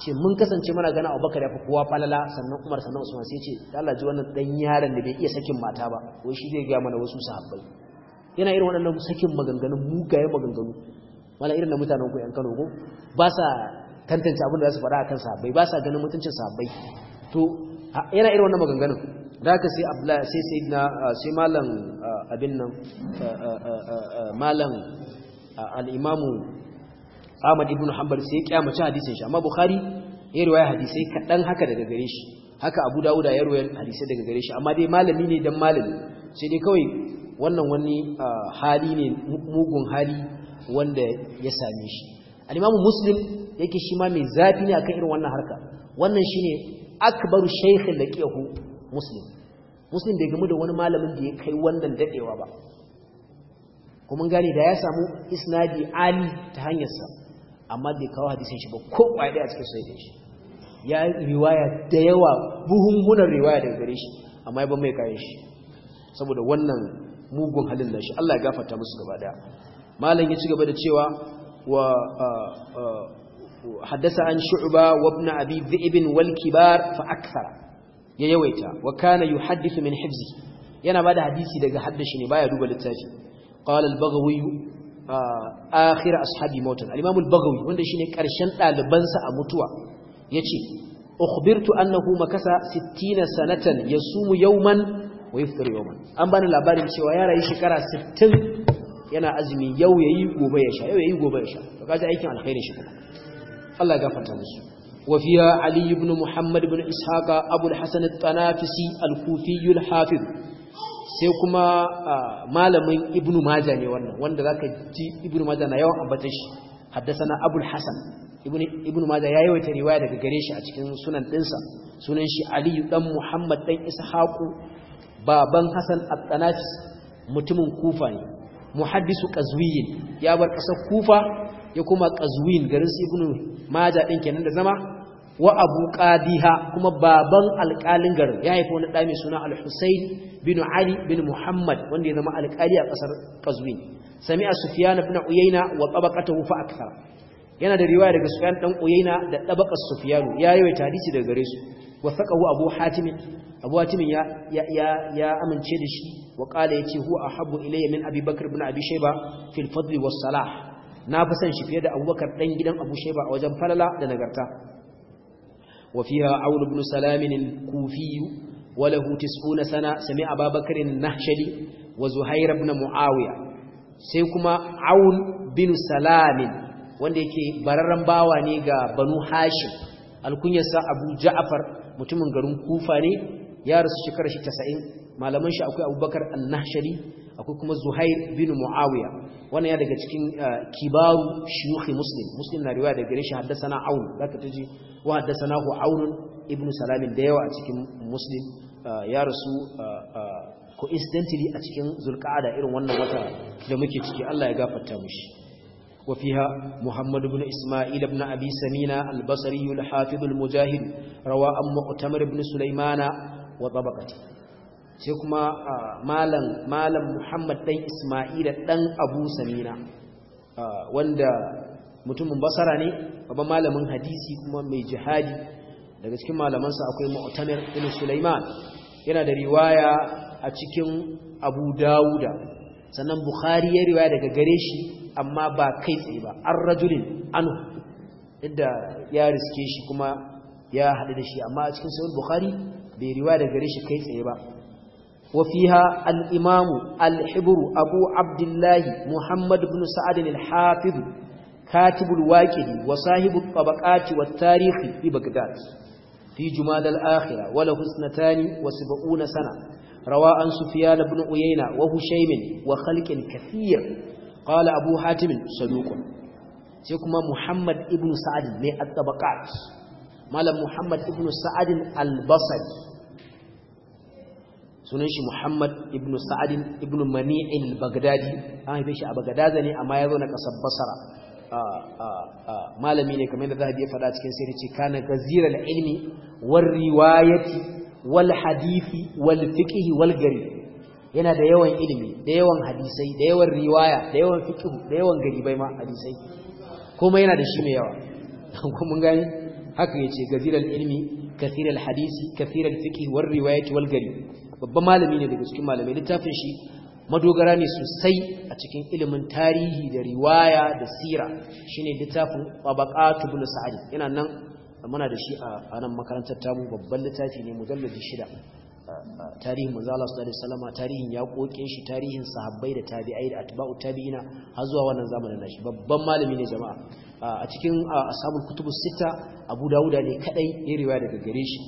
ce mun kasance muna gana abubakar ya fi kowa falala sannan umar sannan usman sai ce Allah ji wannan dan yaron da bai iya sakin mata ba wai shi zai ga mana wasu sahabbai yana irin waɗannan sakin maganganun mugaye maganganu wala irin da mutanen ku yan Kano ko ba sa tantance abin da za su faɗa akan sahabbai ba sa ganin mutuncin sahabbai to yana irin wannan maganganun da haka sai abdullahi sai sayyidina sai malam abin nan malam al-imamu Ahmad ibn Hanbal sai ya kyamaci hadisin shi amma Bukhari ya riwaya hadisi kaɗan haka daga gare shi haka Abu Dawud ya riwaya hadisi daga gare shi amma dai malami ne dan malami sai dai kawai wannan wani hali ne mugun hali wanda ya same shi al-Imam Muslim yake shi ma mai zafi ne akan irin wannan harka wannan shine akbaru shaykhin laqiyahu Muslim Muslim bai gamu da wani malamin da ya kai wannan dadewa ba kuma gane da ya samu isnadi ali ta hanyarsa amma bai kawo hadisin shi ba ko kwaya daya cikin sai shi ya riwaya da yawa buhunhunan riwaya daga gare shi amma ya ban mai kayan shi saboda wannan mugun halin nashi Allah ya gafarta musu gaba daya malam ya ci gaba da cewa wa haddasa an shu'ba wa ibn abi dhi'b wal kibar fa ya yawaita wa kana yuhaddithu min hifzi yana bada hadisi daga haddashi ne baya duba littafi qala al-baghawi akhir ashabi mautin al-imam al-baghawi wanda shine karshen dalibansa a mutuwa yace ukhbirtu annahu makasa 60 sanatan yasumu yawman wa yaftaru yawman an bani labarin cewa ya rayu shekara 60 yana azumi yau yayi gobe ya sha yau yayi gobe ya sha to kaje aikin alkhairi shi kuma Allah ya gafarta musu wa fiya ali ibn muhammad ibn ishaqa abul hasan at-tanafisi al-kufi al-hafiz sai kuma malamin ibnu maja ne wannan wanda za ka ji ibnu maja na yawan ambata shi Haddasa abul hassan ibnu maja ya yi wata riwaya daga gare shi a cikin sunan dinsa sunan shi Aliyu, dan muhammad dan ishaqu baban Hassan, abdanaci mutumin kufa ne muhaddisu qazwiyin ya bar kasar kufa ya kuma qazwin garinsu ibnu maja ɗin kenan da zama wa abu qadiha kuma baban alƙalin garin ya haifa wani dami suna al-husayn bin ali bin muhammad wanda ya zama alƙali a ƙasar qazwin sami'a sufyan bin uyayna wa tabaqatuhu fa akthar yana da riwaya daga sufyan dan uyayna da tabaqas sufyan ya yi hadisi daga gare su wa saqahu abu hatim abu hatim ya ya ya amince da shi wa qala yace huwa ahabbu ilayya min abi bakr bin abi shayba fil fadl was salah na fi san shi fiye da abubakar dan gidan abu shayba a wajen falala da nagarta وفيها عون بن سلام الكوفي وله تسعون سنة سمع أبا wa النهشلي وزهير mu'awiya, sai kuma عون بن salamin wanda yake bararren bawa ne ga banu hashim alkunyarsa abu mutumin garin kufa ne ya rasu shekarar shi 90 malaman shi akwai abubakar annashari akwai kuma zuhair bin muawiya wannan ya daga cikin eh, kibaru shuyukhi muslim muslim na riwaya daga shi haddasa na aun zaka taji wa haddasa na hu aun ibnu salamin da yawa a cikin muslim eh, ya rasu eh, coincidentally a cikin zulqa'ada irin wannan wata da muke ciki Allah ya gafarta Isma'il وفيها محمد بن إسماعيل بن أبي سمينة البصري الحافظ المجاهد روى أم مؤتمر بن سليمان وطبقته sai kuma malam malam Muhammad dan Isma'ila ɗan Abu Samina wanda mutumin basara ne babban malamin hadisi kuma mai jihadi daga cikin malamansa akwai Mu'tamir ibn Sulaiman yana da riwaya a cikin Abu Dawuda sannan Bukhari ya riwaya daga gare shi amma ba kai tsaye ba an rajulin anhu inda ya riske shi kuma ya haɗu da shi amma a cikin sahih Bukhari bai riwaya daga gare shi kai tsaye ba وفيها الإمام الحبر أبو عبد الله محمد بن سعد الحافظ كاتب الواكه وصاحب الطبقات والتاريخ في بغداد في جماد الآخرة وله اثنتان وسبعون سنة روى عن سفيان بن عيينة وهشيم وخلق كثير قال أبو حاتم صدوق سيكما محمد ابن سعد من الطبقات مالا محمد ابن سعد البصري sunan shi Muhammad ibn Sa'adin, ibn Mani'in Bagdadi, an haife shi a Baghdad ne amma ya zo na kasar Basra malami ne kamar da zahabi ya faɗa cikin sirri ce kana gaziral ilmi war riwayati wal hadisi wal fiqhi wal gari yana da yawan ilmi, da yawan hadisai da yawan riwaya da yawan fikihu, da yawan gari bai ma hadisai kuma yana da shi mai yawa kuma mun gani haka yace gaziral ilmi kafirar hadisi kafirar fiqh war riwayati wal gari babban malami ne daga cikin malamai littafin shi madogara ne sosai a cikin ilimin tarihi da riwaya da sira shine littafin tabaqat ibn sa'd yana nan muna da shi a nan makarantar tamu babban littafi ne mujalladi shida tarihin manzo sallallahu alaihi wasallam tarihin yaƙoƙin shi tarihin sahabbai da tabi'ai da atba'u tabi'ina har zuwa wannan zamanin nashi babban malami ne jama'a a cikin ashabul kutubus sita Abu dauda ne kadai ya riwaya daga gare shi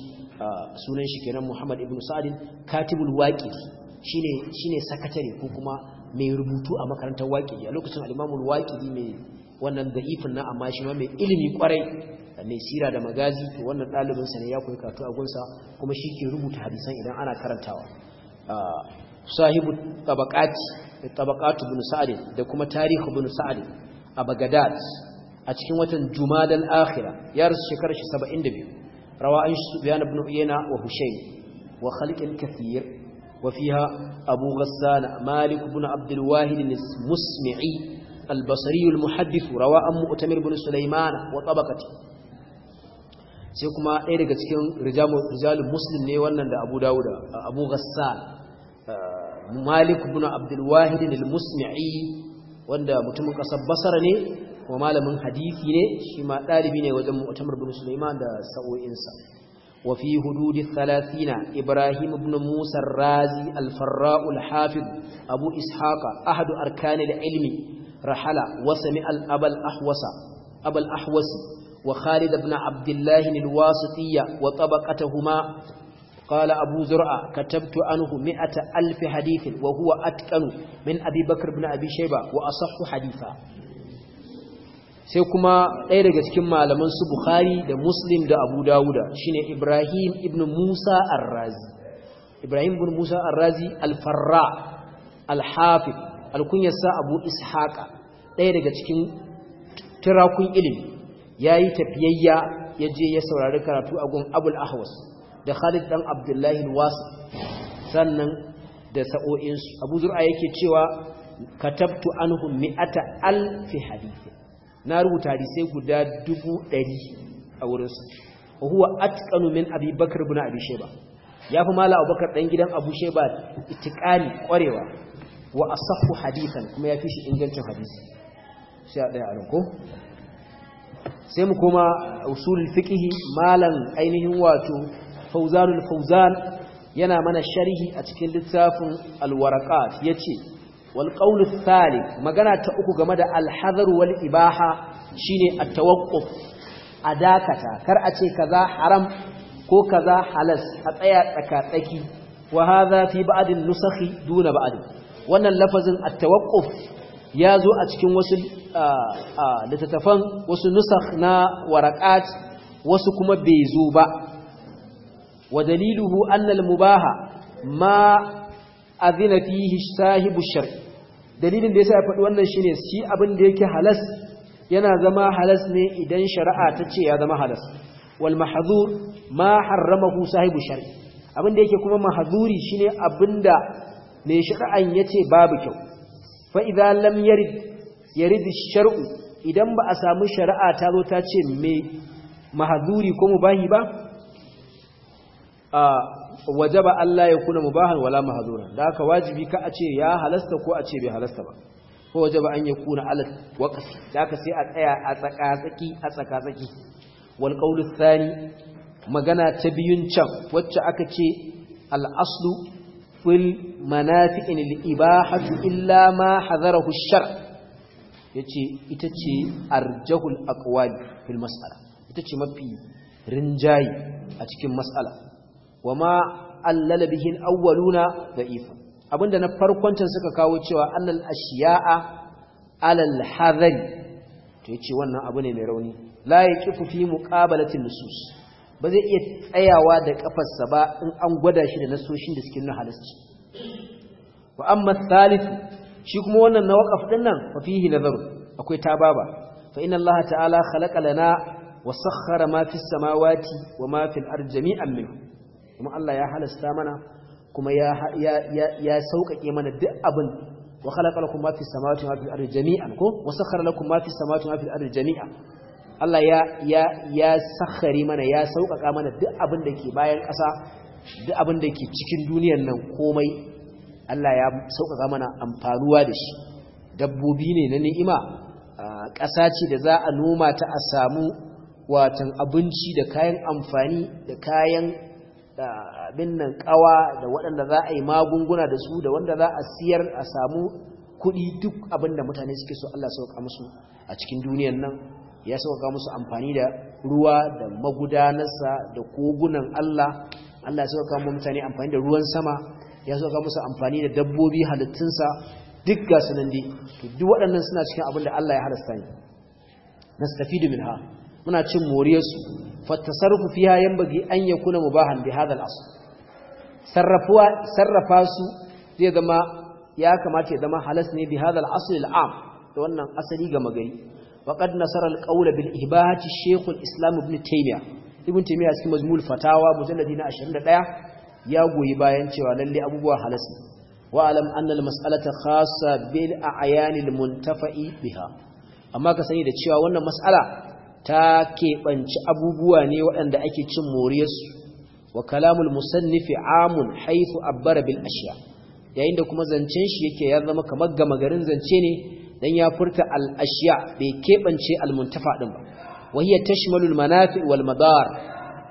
sunan shi kenan Muhammad ibn Sa'adin katibul waqidi shine shine sakatare ko kuma mai rubutu a makarantar waqidi a lokacin al imamul waqidi mai wannan da'ifin na amma shi ma mai ilimi kwarai mai sira da magazi to wannan dalibin sa ne ya koyi karatu a gunsa kuma shi ke rubuta hadisan idan ana karantawa sahibu tabaqat tabaqatu ibn Sa'adin da kuma tarihu ibn Sa'adin a Baghdad a cikin watan Jumadal akhira ya rasu shekarar shi 72 روى عن سفيان بن عيينة وهشيم وخلق كثير وفيها أبو غسان مالك بن عبد الواهد المسمعي البصري المحدث روى عن مؤتمر بن سليمان وطبقته sai kuma ɗaya daga cikin rijalin muslim ne wannan da abu dawuda abu ghassan malik bin abdulwahid al-musmi'i wanda mutumin ƙasar basara ne kuma malamin hadisi ne shi ma ɗalibi ne wajen mu'tamar bin Sulaiman da sa'o'insa wa fi hududi 30 Ibrahim ibn Musa Razi al-Farra' al-Hafiz Abu Ishaqa ahadu arkani al-ilmi rahala wa sami al-Aba al-Ahwasa Aba al ahwasa aba ahwasi wa Khalid ibn Abdullah al-Wasitiyya wa tabaqatuhuma قال أبو katabtu anhu عنه مئة ألف wa وهو min من أبي bin abi أبي wa وأصح حديثا sai kuma ɗaya daga cikin malaman su Bukhari da Muslim da Abu Dawuda shine Ibrahim ibn Musa Ar-Razi Ibrahim ibn Musa Ar-Razi Al-Farra Al-Hafiz alkunyarsa Abu Ishaqa ɗaya daga cikin tirakun ilimi yayi tafiyayya ya je ya saurari karatu a gun Abul Ahwas da Khalid dan Abdullahi al sannan da sa'o'insu Abu Zur'a yake cewa katabtu anhum mi'ata alfi hadith na rubuta hadisai guda dubu ɗari a wurinsu huwa atqanu min abi bakr ibn abi Ya fi mala abubakar ɗan gidan abu sheba itikani ƙwarewa wa asahhu hadithan kuma ya fi shi ingancin hadithi sai a daya sai mu koma usulul fiqh malan ainihin wato fawzanul fawzan yana mana sharhi a cikin littafin ya ce. wal qawlu magana ta uku game da al hadar wal ibaha shine at tawaqquf adakata kar a ce kaza haram ko kaza halas a tsaya tsaka tsaki wa hadha fi ba'd al nusakh wannan lafazin at tawaqquf ya zo a cikin wasu littattafan wasu nusar na waraqat wasu kuma bai zo ba wa daliluhu annal al mubaha ma azina fihi sahibu shar'i dalilin da yasa ya faɗi wannan shine shi abin da yake halas yana zama halas ne idan shari'a ta ce ya zama halas wal mahzur ma harramahu sahibu shar'i abin da yake kuma mahzuri shine abinda ne shari'an yace babu kyau fa idza lam yarid yarid shar'u idan ba a samu shari'a ta zo ta ce me mahzuri ko mubahi ba wajaba Allah ya kuna mubahan wala mahzuran da haka wajibi ka a ce ya halasta ko a ce bai halasta ba ko wajaba an ya kuna alal waqfi da haka sai a tsaya a tsakatsaki a tsakatsaki wal qawlu thani magana ta biyun can wacce aka ce al aslu fil manafi'in lil ibahatu illa ma hadarahu ash-shar yace ita ce arjahul aqwali fil mas'ala ita ce mafi rinjayi a cikin mas'ala wa ma allala bihin awwaluna da'ifun abinda na farkoncan suka kawo cewa allal ashiya'a alal hadari to yace wannan abu ne mai rauni la yaqifu fi muqabalati nusus ba zai iya tsayawa da kafarsa ba in an gwada shi da nasoshin da suke nuna halasci wa amma thalith shi kuma wannan na waqaf din nan fa fihi nazaru akwai tababa fa inna Allah ta'ala khalaqa lana wa sakhkhara ma fis samawati wa ma fil ardi jami'an minhu kuma Allah ya halasta mana kuma ya sauƙaƙe mana duk abin wa khalaqa lakum ma fi samawati wa fil ko wasu sakhkhara kuma mafi fi samawati wa jami'a Allah ya sakhari mana ya sauƙaƙa mana duk abin da ke bayan ƙasa duk abin da ke cikin duniyar nan komai Allah ya sauƙaƙa mana amfanuwa da shi dabbobi ne na ni'ima ƙasa ce da za a noma ta a samu watan abinci da kayan amfani da kayan abin nan kawa da waɗanda za a yi magunguna da su da wanda za a siyar a samu kuɗi duk abin da mutane suke so Allah sauka musu a cikin duniyan nan ya sauka musu amfani da ruwa da magudanarsa da kogunan Allah Allah ya sauka musu mutane amfani da ruwan sama ya sauka musu amfani da dabbobi halittunsa duk ga su nan dai duk waɗannan suna cikin abin da Allah ya halasta ne nastafidu minha muna cin moriyarsu فالتصرف فيها ينبغي أن يكون مباحا بهذا الأصل asu. sarrafa su zai zama ya kamata ya zama halas ne bi hadal asl al'am da wannan asali ga magari wa qad nasara al bil ibahati shaykh al-islam ibn taymiya ibn taymiya cikin mazmul fatawa mujalladi na 21 ya goyi bayan cewa lalle abubuwa halas ne wa alam anna al-mas'alata khassa bil ayanil muntafai biha amma ka sani da cewa wannan mas'ala ta keɓanci abubuwa ne waɗanda ake cin moriyarsu wa kalamul musannifi amun haifu abbara bil ashiya yayin da kuma zancen shi yake ya zama kamar gama garin zance ne dan ya furta al ashiya bai keɓance al muntafa din ba wa hiya tashmalu manafi wal madar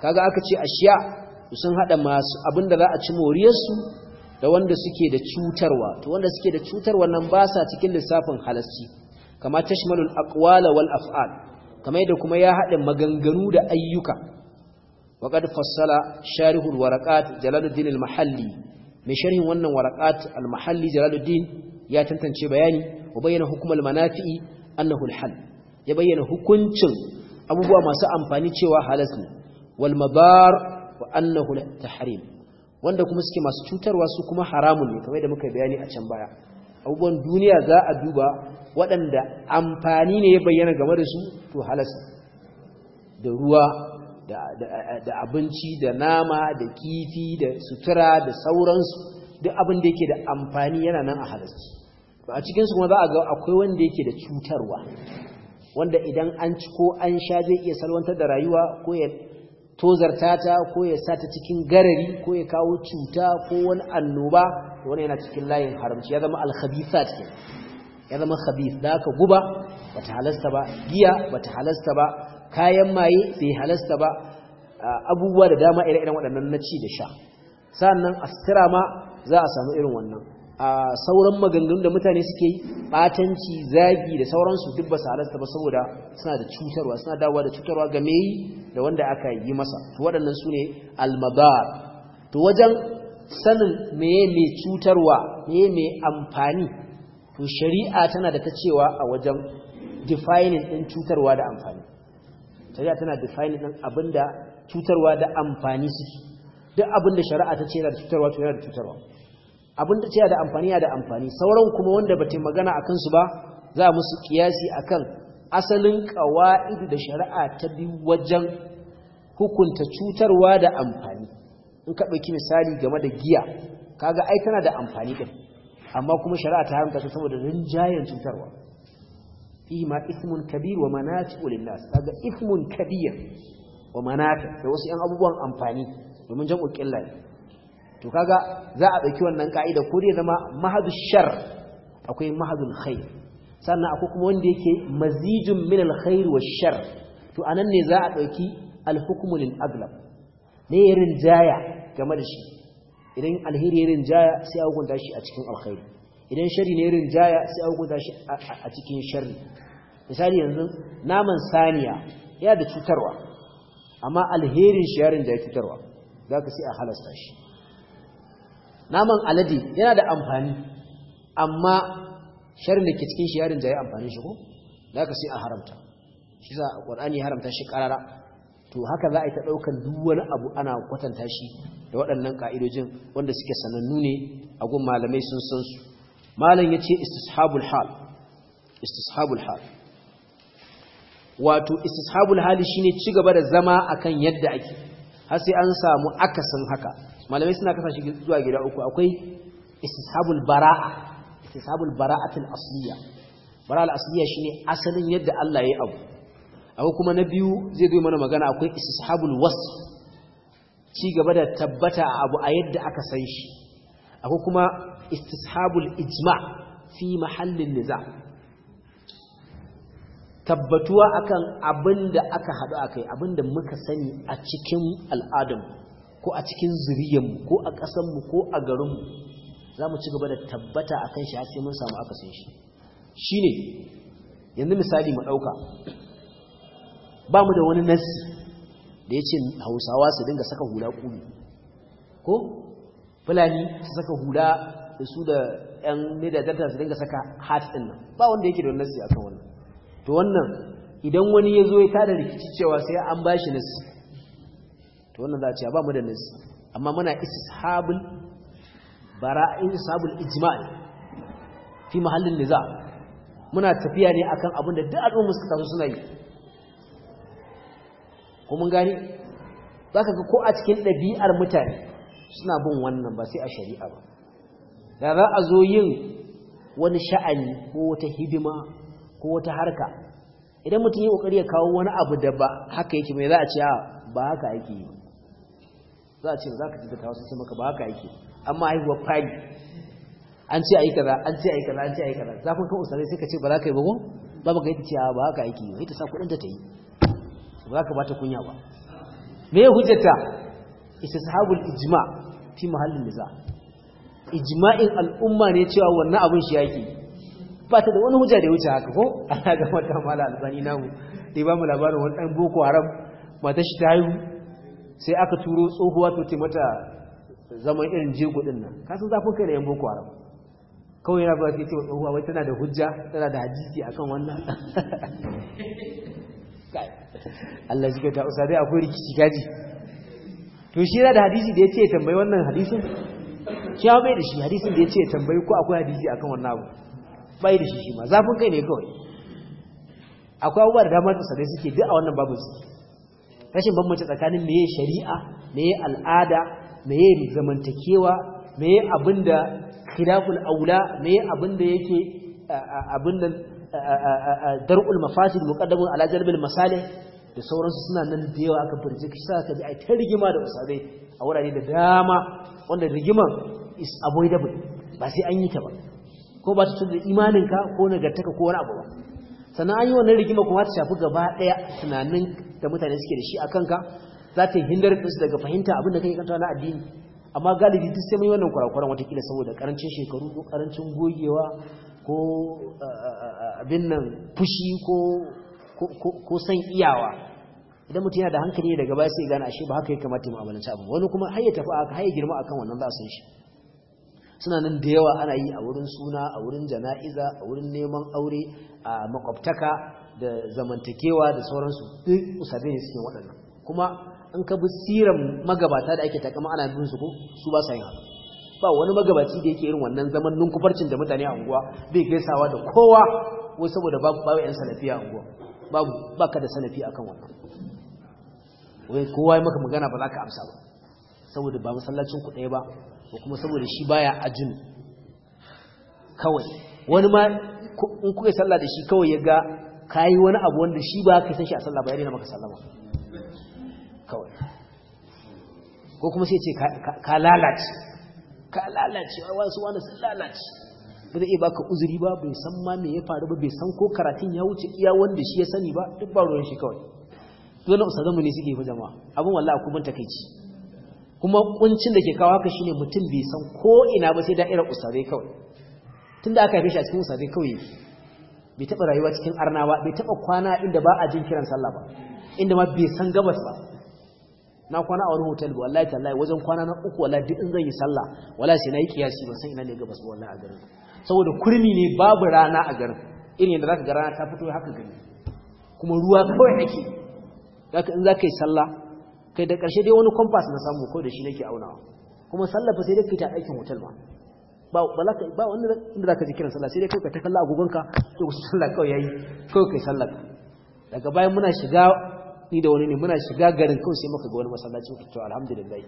kaga aka ce ashiya sun hada masu abinda za a ci moriyarsu da wanda suke da cutarwa to wanda suke da cutarwa nan ba sa cikin lissafin halasci kama Tashmalul, aqwala wal af'al kamar yadda kuma ya haɗa maganganu da ayyuka waƙad fassala sharihul waraqat jalaluddin al-mahalli mai sharhin wannan waraqat al-mahalli jalaluddin ya tantance bayani wa bayyana hukumar manafi'i annahu al-hal ya bayyana hukuncin abubuwa masu amfani cewa halas ne wal mabar wa annahu tahrim wanda kuma suke masu cutarwa su kuma haramun ne kamar da muka bayani a can baya abubuwan duniya za a duba waɗanda amfani ne ya bayyana game da su to halasta da ruwa da abinci da nama da kifi da sutura da sauransu duk abin da yake da amfani yana nan a halasta to a cikinsu kuma za a ga akwai wanda yake da cutarwa wanda idan an ci ko an sha zai iya salwantar da rayuwa ko ya tozarta ta ko ya sa ta cikin garari ko ya kawo cuta ko wani annoba wani yana cikin layin haramci ya zama alkhabithat ke ya zama khabith da aka guba bata halasta ba giya bata halasta ba kayan maye bai halasta ba abubuwa da dama ire-iren waɗannan na ci da sha sannan a sutura ma za a samu irin wannan a sauran maganganun da mutane suke yi batanci zagi da sauransu duk ba su halasta ba saboda suna da cutarwa suna dawowa da cutarwa ga me da wanda aka yi masa to waɗannan su ne almadar to wajen sanin meye mai cutarwa meye mai amfani to shari'a tana da ta cewa a wajen defining ɗin cutarwa da amfani shari'a tana defining ɗin da cutarwa da amfani suke duk abinda shari'a ta ce yana da cutarwa to yana da cutarwa abin da tana da amfani da amfani sauran kuma wanda ba magana akan su ba za a musu kiyasi akan asalin qawaid da shari'a ta bi wajen hukunta cutarwa da amfani in ka dauki misali game da giya kaga ai tana da amfani din amma kuma shari'a ta haramta saboda rinjayen cutarwa fi ma ismun kabir wa manafi'u lin-nas kaga ismun kabir wa manafi da wasu 'yan abubuwan amfani domin jam'u qilla to kaga za a ɗauki wannan ka'ida ko dai zama mahadu shar akwai mahadul khair sannan akwai kuma wanda yake mazijun min alkhair wa shar to anan ne za a ɗauki alhukmu lil aglab ne yarin jaya game da shi idan alheri yarin jaya sai a hukunta shi a cikin alkhairi idan shari ne yarin jaya sai a hukunta shi a cikin sharri misali yanzu naman saniya ya da cutarwa amma alherin sharin da ya cutarwa za ka sai a halasta shi naman alade yana da amfani amma sharin da ke cikin shi yarin jayi amfanin shi ko da ka sai a haramta shi sa qur'ani ya haramta shi karara to haka za a yi ta daukan duk abu ana kwatanta shi da waɗannan ka'idojin wanda suke sanannu ne a gun malamai sun san su malam yace istishabul hal istishabul hal wato istishabul hal shine ci gaba da zama akan yadda ake har sai an samu akasin haka malamai suna kasa shi zuwa gida uku akwai istishabul bara'a istishabul bara'atul asliya bara'al asliya shine asalin yadda Allah ya yi abu Akwai kuma na biyu zai zo mana magana akwai istishabul wasf ci gaba da tabbata a abu a yadda aka san shi akwai kuma istishabul ijma fi mahallin niza tabbatuwa akan abinda aka haɗu akai abin da muka sani a cikin al'adun ko a cikin mu ko a ƙasanmu ko a garinmu za mu ci gaba da tabbata a kan shi har sai mun samu akasin shi shi ne yanzu misali mu ɗauka ba mu da wani nassi da ya ce hausawa su dinga saka hula ƙuri ko fulani su saka hula da su da 'yan nidatarta su dinga saka hat ɗin nan ba wanda yake da wani nassi a wannan to wannan idan wani ya zo ya tada rikici cewa sai an ba shi nassi to wannan za a ce ba mu da nasi amma muna ishabul bara'in ishabul ijma'i fi mahallin niza muna tafiya ne akan abin da duk al'umma suka tafi suna yi ko mun gani zaka ga ko a cikin ɗabi'ar mutane suna bin wannan ba sai a shari'a ba da za a zo yin wani sha'ani ko wata hidima ko wata harka idan mutum yi kokari ya kawo wani abu da ba haka yake mai za a ce ah, ba haka yake yi za a ce za ka ji da kawo sun maka ba haka yake amma haihuwa fari an ce a yi kaza an ce a yi kaza an ce a yi kaza zafin kan usare sai ka ce ba za ka yi ba ba ba ka yi ta ba haka yake yi ta sa kuɗin ta ta yi ba za ka ba ta kunya ba me ya hujjata isa sahabul ijma fi mahallin za ijma'in al'umma ne cewa wannan abin shi yake ba ta da wani hujja da ya wuce haka ko ana ga mata mala albani namu da ba mu labarin wani ɗan boko haram mata shi ta haihu sai aka turo tsohuwa to ce mata zaman irin jego din nan kasu zafin kai da yan boko haram kawai yana ba ta ce tsohuwa wai tana da hujja tana da hadisi akan wannan Allah shi ka ta usa dai akwai rikici kaji to shi yana da hadisi da ya ce tambayi wannan hadisin ya bai da shi hadisin da ya ce tambayi ko akwai hadisi akan wannan abu bai da shi shi ma zafin kai ne kawai akwai abubuwa da damar da sadai suke duk a wannan babu suke rashin bambanta tsakanin meye shari'a meye al'ada meye zamantakewa meye abinda khilaful aula meye abinda yake abinda dar'ul mafasid muqaddamun ala jalbil masalih da sauransu suna nan da yawa aka birji ki sa ka ji ai ta rigima da usabe a wurare da dama wanda rigiman is avoidable ba sai an yi ta ba ko ba ta tunda da imaninka ko nagartaka ko wani abu ba sannan an yi wannan rigima kuma ta shafi gaba ɗaya tunanin da mutane suke da shi a kanka za ta hindar su daga fahimta abin da kake kanta na addini amma galibi duk sai mun yi wannan kwarakwaran watakila saboda karancin shekaru ko karancin gogewa ko abin nan fushi ko san iyawa idan mutum yana da hankali ne daga baya sai gane ashe ba haka ya kamata ya mu'amalanci abu wani kuma har ya tafi har ya girma akan wannan za a san shi suna nan da yawa ana yi a wurin suna a wurin jana'iza a wurin neman aure a makwabtaka da zamantakewa da sauransu duk usabe ne suke waɗannan kuma an ka bi siran magabata da ake takama ana bin su ko su ba sa yin haka ba wani magabaci da yake irin wannan zaman ninkufarcin da mutane a unguwa bai gaisawa da kowa ko saboda babu babu yan salafiya a unguwa babu baka da salafi akan wannan wai kowa ya maka magana ba za ka amsa ba saboda ba masallacin ku ɗaya ba ko kuma saboda shi baya ajin kawai wani ma in kuka sallah da shi kawai ya ga ka yi wani abu wanda shi ba ka san shi a sallah ba yare na maka sallama kawai ko kuma sai ce ka lalace ka lalace wasu wani sun lalace ba zai iya baka uzuri ba bai san ma me ya faru ba bai san ko karatun ya wuce iya wanda shi ya sani ba duk ba ruwan shi kawai dole usadan mu ne suke ba jama'a abin wallahi mun takeici kuma kuncin da ke kawo haka shine mutum bai san ko ina ba sai da'irar usare kawai tunda aka haife shi a cikin usare kawai bai taɓa rayuwa cikin arnawa bai taɓa kwana inda ba a jin kiran sallah ba inda ma bai san gabas ba na kwana a wani hotel ba wallahi tallahi wajen kwana na uku wallahi duk in zan yi sallah wallahi sai nayi kiyasi ban san ina ne gabas ba wallahi a garin saboda kurmi ne babu rana a garin irin yadda zaka ga rana ta fito haka gani. kuma ruwa kawai nake zaka in zaka yi sallah kai da karshe dai wani compass na samu ko da shi nake aunawa kuma sallah fa sai dai fita aikin hotel ma ba ba ka ba wanda inda zaka ji kiran sallah sai dai kai ka ta kalla agogonka to ku sallah kawai yayi kawai kai sallah daga bayan muna shiga ni da wani ne muna shiga garin kawai sai muka ga wani masallaci muka to alhamdulillah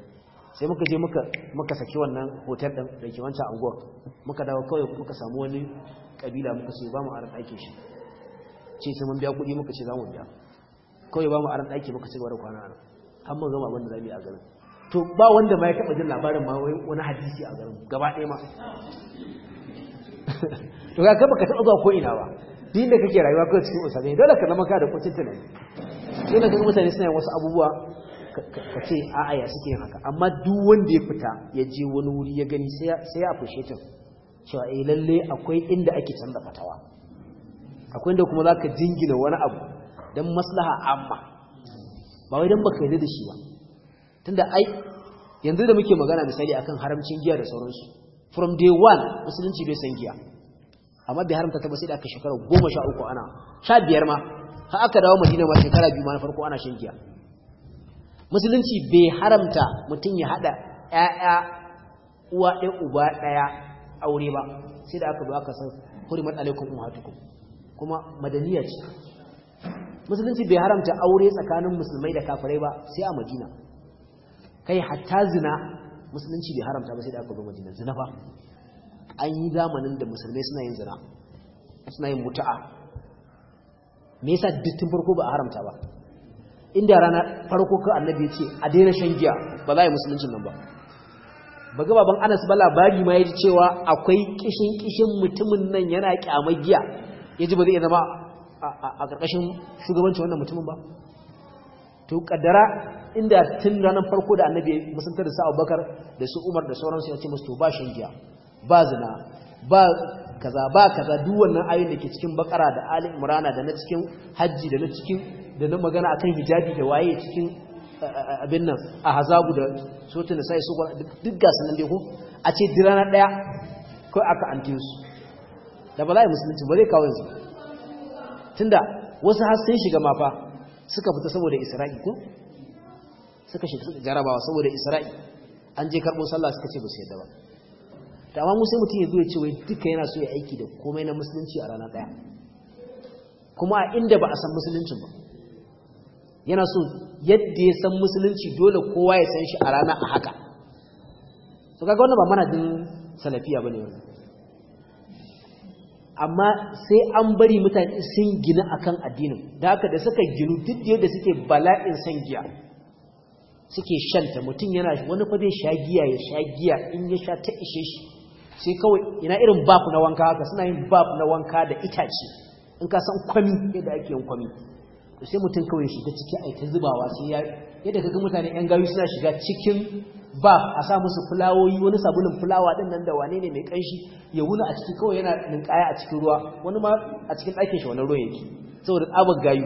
sai muka je muka muka saki wannan hotel din da ke wancan anguwar muka dawo kawai muka samu wani kabila muka ce ba mu aran aikin shi ce sai mun biya kuɗi muka ce za mu biya kawai ba mu aran aiki muka ci gaba da kwana nan har mu gama abin da za mu yi a garin to ba wanda ma ya taɓa jin labarin ma wani hadisi a garin gaba ɗaya ma to ga gaba ka taɓa zuwa ko ina ba din da kake rayuwa kawai cikin usame dole ka zama ka da kwacin tunani dole ka mutane suna yin wasu abubuwa ka ce a'a ya suke haka amma duk wanda ya fita ya je wani wuri ya gani sai ya fushe tun cewa eh lalle akwai inda ake canza fatawa akwai inda kuma zaka jingina wani abu dan maslaha amma ba wai dan baka yarda da shi ba tunda ai yanzu da muke magana misali akan haramcin giya da sauransu from day one musulunci bai san giya amma bai haramta ta ba sai da aka shekara goma sha uku ana sha biyar ma har aka dawo madina ma shekara biyu ma na farko ana shan giya musulunci bai haramta mutum ya haɗa ‘ya'ya uwa ɗaya uba ɗaya aure ba sai da aka zo aka san hurimat alaikum ummatukum kuma madaniya ce musulunci bai haramta aure tsakanin musulmai da kafirai ba sai a madina kai hatta zina musulunci bai haramta ba sai da aka zo madina zina ba an yi zamanin da musulmai suna yin zina suna yin mutu'a me yasa dittin farko ba a haramta ba inda rana farko ka annabi ce a daina shan giya ba za a yi musuluncin nan ba ba ga baban anas ba labari ma ya ji cewa akwai kishin kishin mutumin nan yana kyamar giya ya ji ba zai zama a ƙarƙashin shugabancin wannan mutumin ba to kaddara inda tun ranar farko da annabi musantar da sa'ad bakar da su umar da sauransu ya ce musu to ba shangiya ba zina ba kaza ba kaza duk wannan ayin da ke cikin bakara da ali imrana da na cikin hajji da na cikin da na magana akan hijabi da waye cikin abin nan a hazagu da sotin da sai su duk gasu nan dai ko a ce dirana daya ko aka amke su da bala'i musulunci ba zai kawo yanzu tunda wasu har sun shiga mafa suka fita saboda isra'i ko suka shi jarabawa saboda isra'i an je karɓo sallah suka ce ba su yadda ba ta amma musu mutum ya zo ya ce wai duka yana so ya aiki da komai na musulunci a rana ɗaya kuma a inda ba a san musulunci ba yana so yadda ya san musulunci dole kowa ya san shi a rana a haka to kaga wannan ba manajin salafiya bane wani amma sai an bari mutane sun gina akan addinin da haka da suka ginu duk da yadda suke bala'in san giya suke shanta mutum yana wani fa zai sha giya ya sha in ya sha ta ishe shi sai kawai ina irin baf na wanka haka suna yin baf na wanka da itace in ka san kwami yadda ake yin kwami to sai mutum kawai shiga ciki a ta zubawa sai ya yadda kaga mutane yan gayu suna shiga cikin baf a sa musu fulawoyi wani sabulun fulawa din nan da wane ne mai kanshi ya wuna a ciki kawai yana ninkaya a cikin ruwa wani ma a cikin ɗakin shi wani ruwan yake saboda tsabar gayu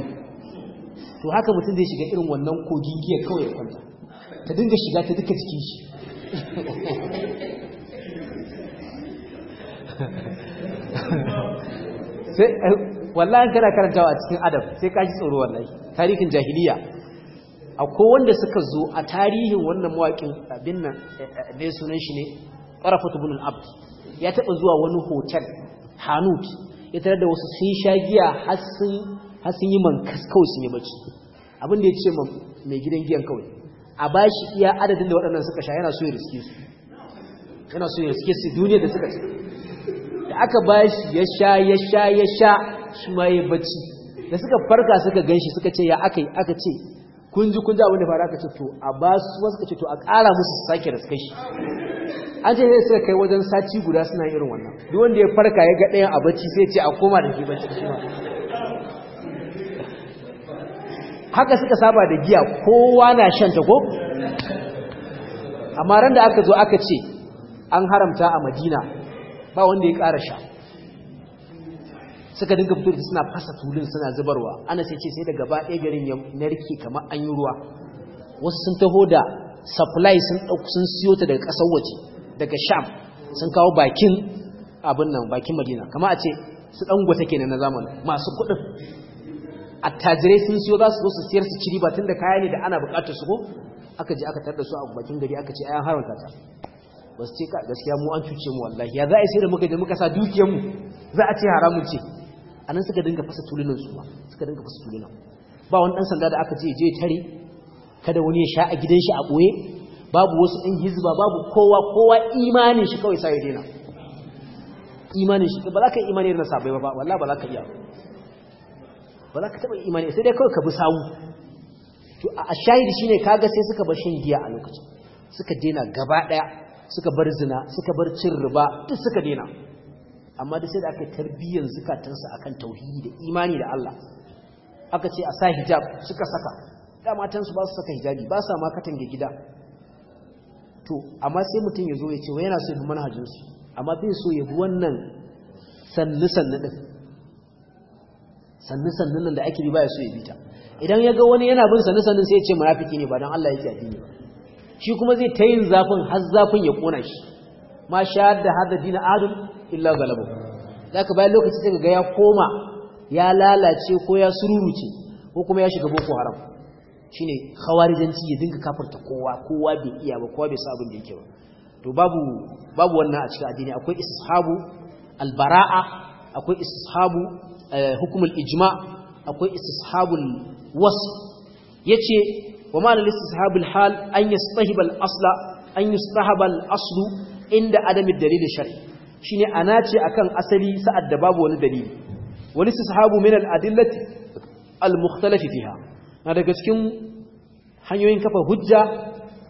to haka mutum zai shiga irin wannan kogin giya kawai ya kwanta Ka dinga shiga ta duka jikin shi sai eh, wallahi kana karantawa a cikin adab sai ka tsoro wallahi tarihin jahiliya akwai wanda suka zo a tarihin wannan mawakin abin nan eh, eh, mai sunan shi ne ƙarafat ibn al-abd ya taɓa zuwa wani hotel hanut ya tare da wasu sun sha giya har sun yi man kawai sun yi bacci abin da ya ce mai gidan giyan kawai a bashi iya adadin da waɗannan suka sha yana so ya riske su yana so ya riske su duniya da suka ci da aka bashi ya sha ya sha ya sha shi ma ya bacci da suka farka suka ganshi suka ce ya aka yi aka ce kun ji kun ji abin da fara aka ce to a ba su wasu ka ce to a ƙara musu sake riske shi an ce sai suka kai wajen sati guda suna irin wannan duk wanda ya farka ya ga ɗayan a bacci sai ce a koma da ke bacci shi ma haka suka saba da giya kowa na shan ta ko amma ran da aka zo aka ce an haramta a madina ba wanda ya ƙara sha suka dinga fito suna fasa tulun suna zubarwa ana sai ce sai da gaba ɗaya garin ya narke kamar an yi ruwa wasu sun taho da supply sun ɗauki sun siyo ta daga ƙasar waje daga sham sun kawo bakin abin nan bakin madina kama a ce su gwata kenan na zamani masu kuɗin attajirai sun siyo za su zo su siyar su ciri ba da kaya ne da ana bukatar su ko aka je aka tarda su a bakin gari aka ce ayan haramta ta ba su ce ka gaskiya mu an cuce mu wallahi ya za a yi sai da muka je muka sa dukiyar mu za a ce haramun ce anan suka dinga fasa tulunan su suka dinga fasa tulunan ba wani dan sanda da aka je je tare kada wani ya sha a gidan shi a boye babu wasu ɗan hizba babu kowa kowa imanin shi kawai sai ya daina imanin shi ba za ka imani da sabai ba wallahi ba za ka iya ba za ka taba imani sai dai kawai ka bi sawu to a shahidi shine kaga sai suka bar shan giya a lokacin suka daina gaba ɗaya suka bar zina suka bar cin riba duk suka daina amma da sai da aka tarbiyyar zukatansu akan tauhidi da imani da Allah aka ce a sa hijab suka saka da su ba su saka hijabi ba sa ma katange gida to amma sai mutum ya zo ya ce wai yana so ya manhajin manhajinsu amma bai so ya bi wannan sannu sannu din sannu sannun nan da ake bi baya so ya bita idan ya ga wani yana bin sannu sannun sai ya ce munafiki ne ba don Allah a addini ba shi kuma zai ta yin zafin har zafin ya kona shi ma shahad da hada dina adul illa galabu ka bayan lokaci sai ga ya koma ya lalace ko ya sururuce ko kuma ya shiga boko haram Shi shine khawarijanci ya dinga kafarta kowa kowa bai iya ba kowa bai sa abin da yake ba to babu wannan a cikin addini akwai ishabu albara'a akwai ishabu Eh, hukumul ijma akwai istishabul was yace wa ma lil hal an yastahibal asla an yastahabal aslu inda adami dalil shar'i shine ana ce akan asali sa'ad da babu wani dalili wal istihabu min al adillati al mukhtalaf fiha na daga cikin hanyoyin kafa hujja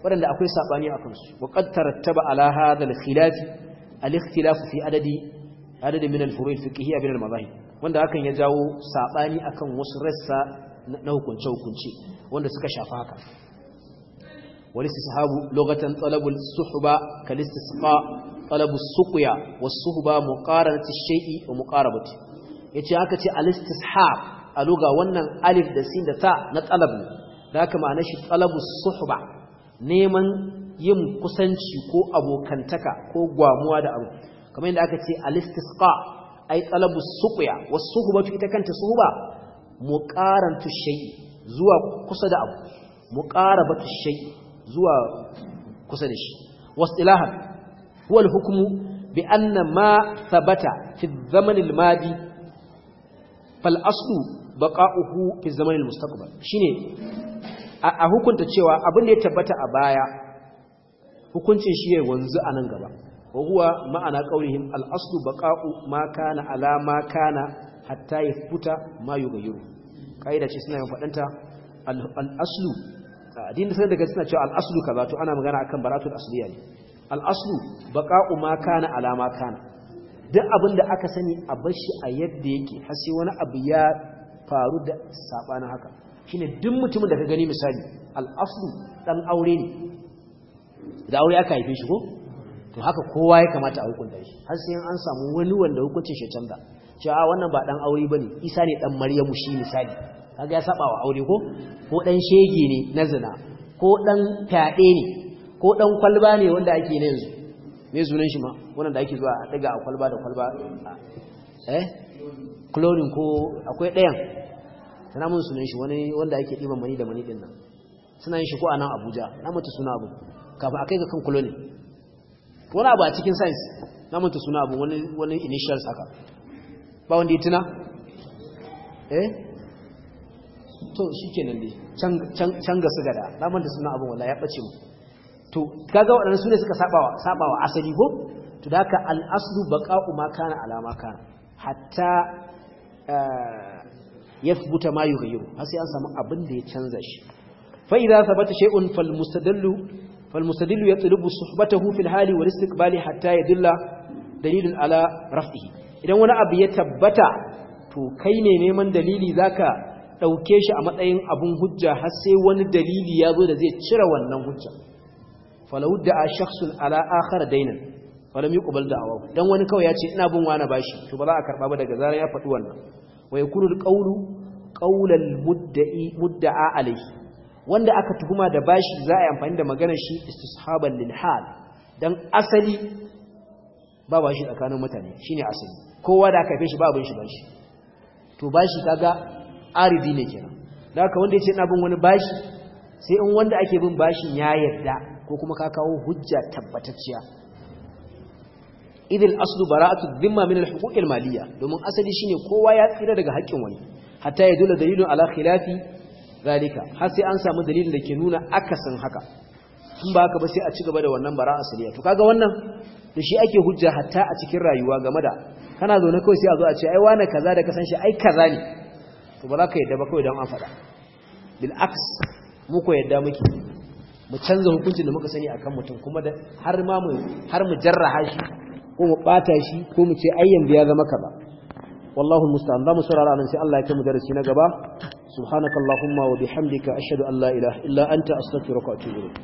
waɗanda akwai sabani akan su wa qad tarattaba ala hadha al khilaf al ikhtilaf fi adadi adadi min al furu' al fiqhiyya min al madahib wanda hakan ya jawo saɓani akan wasu rassa na hukunce-hukunce wanda suka shafa haka wani su sahabu lokacin talabul suhuba kalista suka talabul sukuya wasu suhuba muƙararci shai'i wa muƙarabati ya ce haka ce alistishab a loga wannan alif da sin da ta na talab ne da haka ma'ana shi talabul Suhba neman yin kusanci ko abokantaka ko gwamuwa da abu kamar yadda aka ce alistisqa ai talabu suqya was-suhbatu ita kanta suhba muqarantu shay'i zuwa kusa da abu muqarabatu shay'i zuwa kusa da shi was-ilahan huwa al-hukmu bi anna ma thabata fi zaman al-madi fal-aslu baqa'uhu fi zaman al-mustaqbal shine a hukunta cewa abin da ya tabbata a baya hukuncin shi ya wanzu a nan gaba wa huwa ma'ana qaulihim al-aslu baqa'u ma kana ala ma kana hatta yafuta ma yughayyiru kaida ce suna fadanta al-aslu din sai daga suna cewa al-aslu kaza to ana magana akan baratul asliya ne al-aslu baqa'u ma kana ala ma kana duk abin da aka sani a bashi a yadda yake har sai wani abu ya faru da sabanin haka shine duk mutumin da ka gani misali al-aslu dan aure ne da aure aka haife shi ko to haka kowa ya kamata a hukunta shi har sai an samu wani wanda hukuncin shi canza cewa ah, wannan ba dan aure bane isa ne dan maryamu shi misali kaga ya saba wa aure ko ko dan shege ne na zina ko dan fyaɗe ne ko dan kwalba ne wanda ake ne yanzu me sunan shi ma wannan da ake zuwa a daga a kwalba da kwalba eh cloning ko akwai ɗayan sana mun sunan shi wani wanda ake ɗiban mani da mani din nan suna yin shi ko a nan abuja na mutu suna abu kafin a kai ga kan cloning wani abu a cikin science na manta suna abu wani initial saka. ba wanda ya tuna eh to shi ke nan dai can ga sigada na manta suna abu wala ya ɓace mu to gaga waɗanda su ne suka saɓawa asali ko to da haka al'asu baƙa'u ma kana alama kana hatta ya fi mayu ma yi har sai an samu abin da ya canza shi fa'ida sabata shay'un falmustadallu فالمستدل يطلب صحبته في الحال والاستقبال حتى يدل دليل على رفعه idan wani abu ya tabbata to kai ne neman dalili zaka dauke shi a matsayin abun hujja har sai wani dalili ya zo da zai cire wannan hujja falawudda a shakhsun ala akhar dainan falam yuqbal da'awa dan wani kawai ya ce ina bin wani bashi to ba za a karba ba daga zarar ya faɗi wannan wa yakunu alqawlu qawlal mudda'i mudda'a alayhi wanda aka tuhuma da bashi za a yi amfani da magana shi istishaban lil hal dan asali ba bashi tsakanin mutane shine asali kowa da aka haife shi ba abin shi ba shi. to bashi kaga aridi ne kenan da haka wanda yace ina bin wani bashi sai in wanda ake bin bashin ya yarda ko kuma ka kawo hujja tabbatacciya idil aslu bara'atu dhimma min al-huquq al-maliyya domin asali shine kowa ya tsira daga haƙƙin wani hatta ya dole dalilun ala khilafi zalika har sai an samu dalilin da ke nuna akasin haka in ba haka ba sai a ci gaba da wannan bara asaliya to kaga wannan da shi ake hujja hatta a cikin rayuwa game da kana zaune kawai sai a zo a ce ai wane kaza da kasan shi ai kaza ne to ba za ka yadda ba kawai don an faɗa bil aks mu ko yadda muke mu canza hukuncin da muka sani akan mutum kuma da har ma mu har mu jarraha shi ko mu bata shi ko mu ce ai yanzu ya zama kaza wallahu musta'an zamu saurara nan ala Allah ya kai mu darasi na gaba subhanakallahumma wa bihamdika ashhadu an la ilaha illa anta astaghfiruka wa atubu ilayk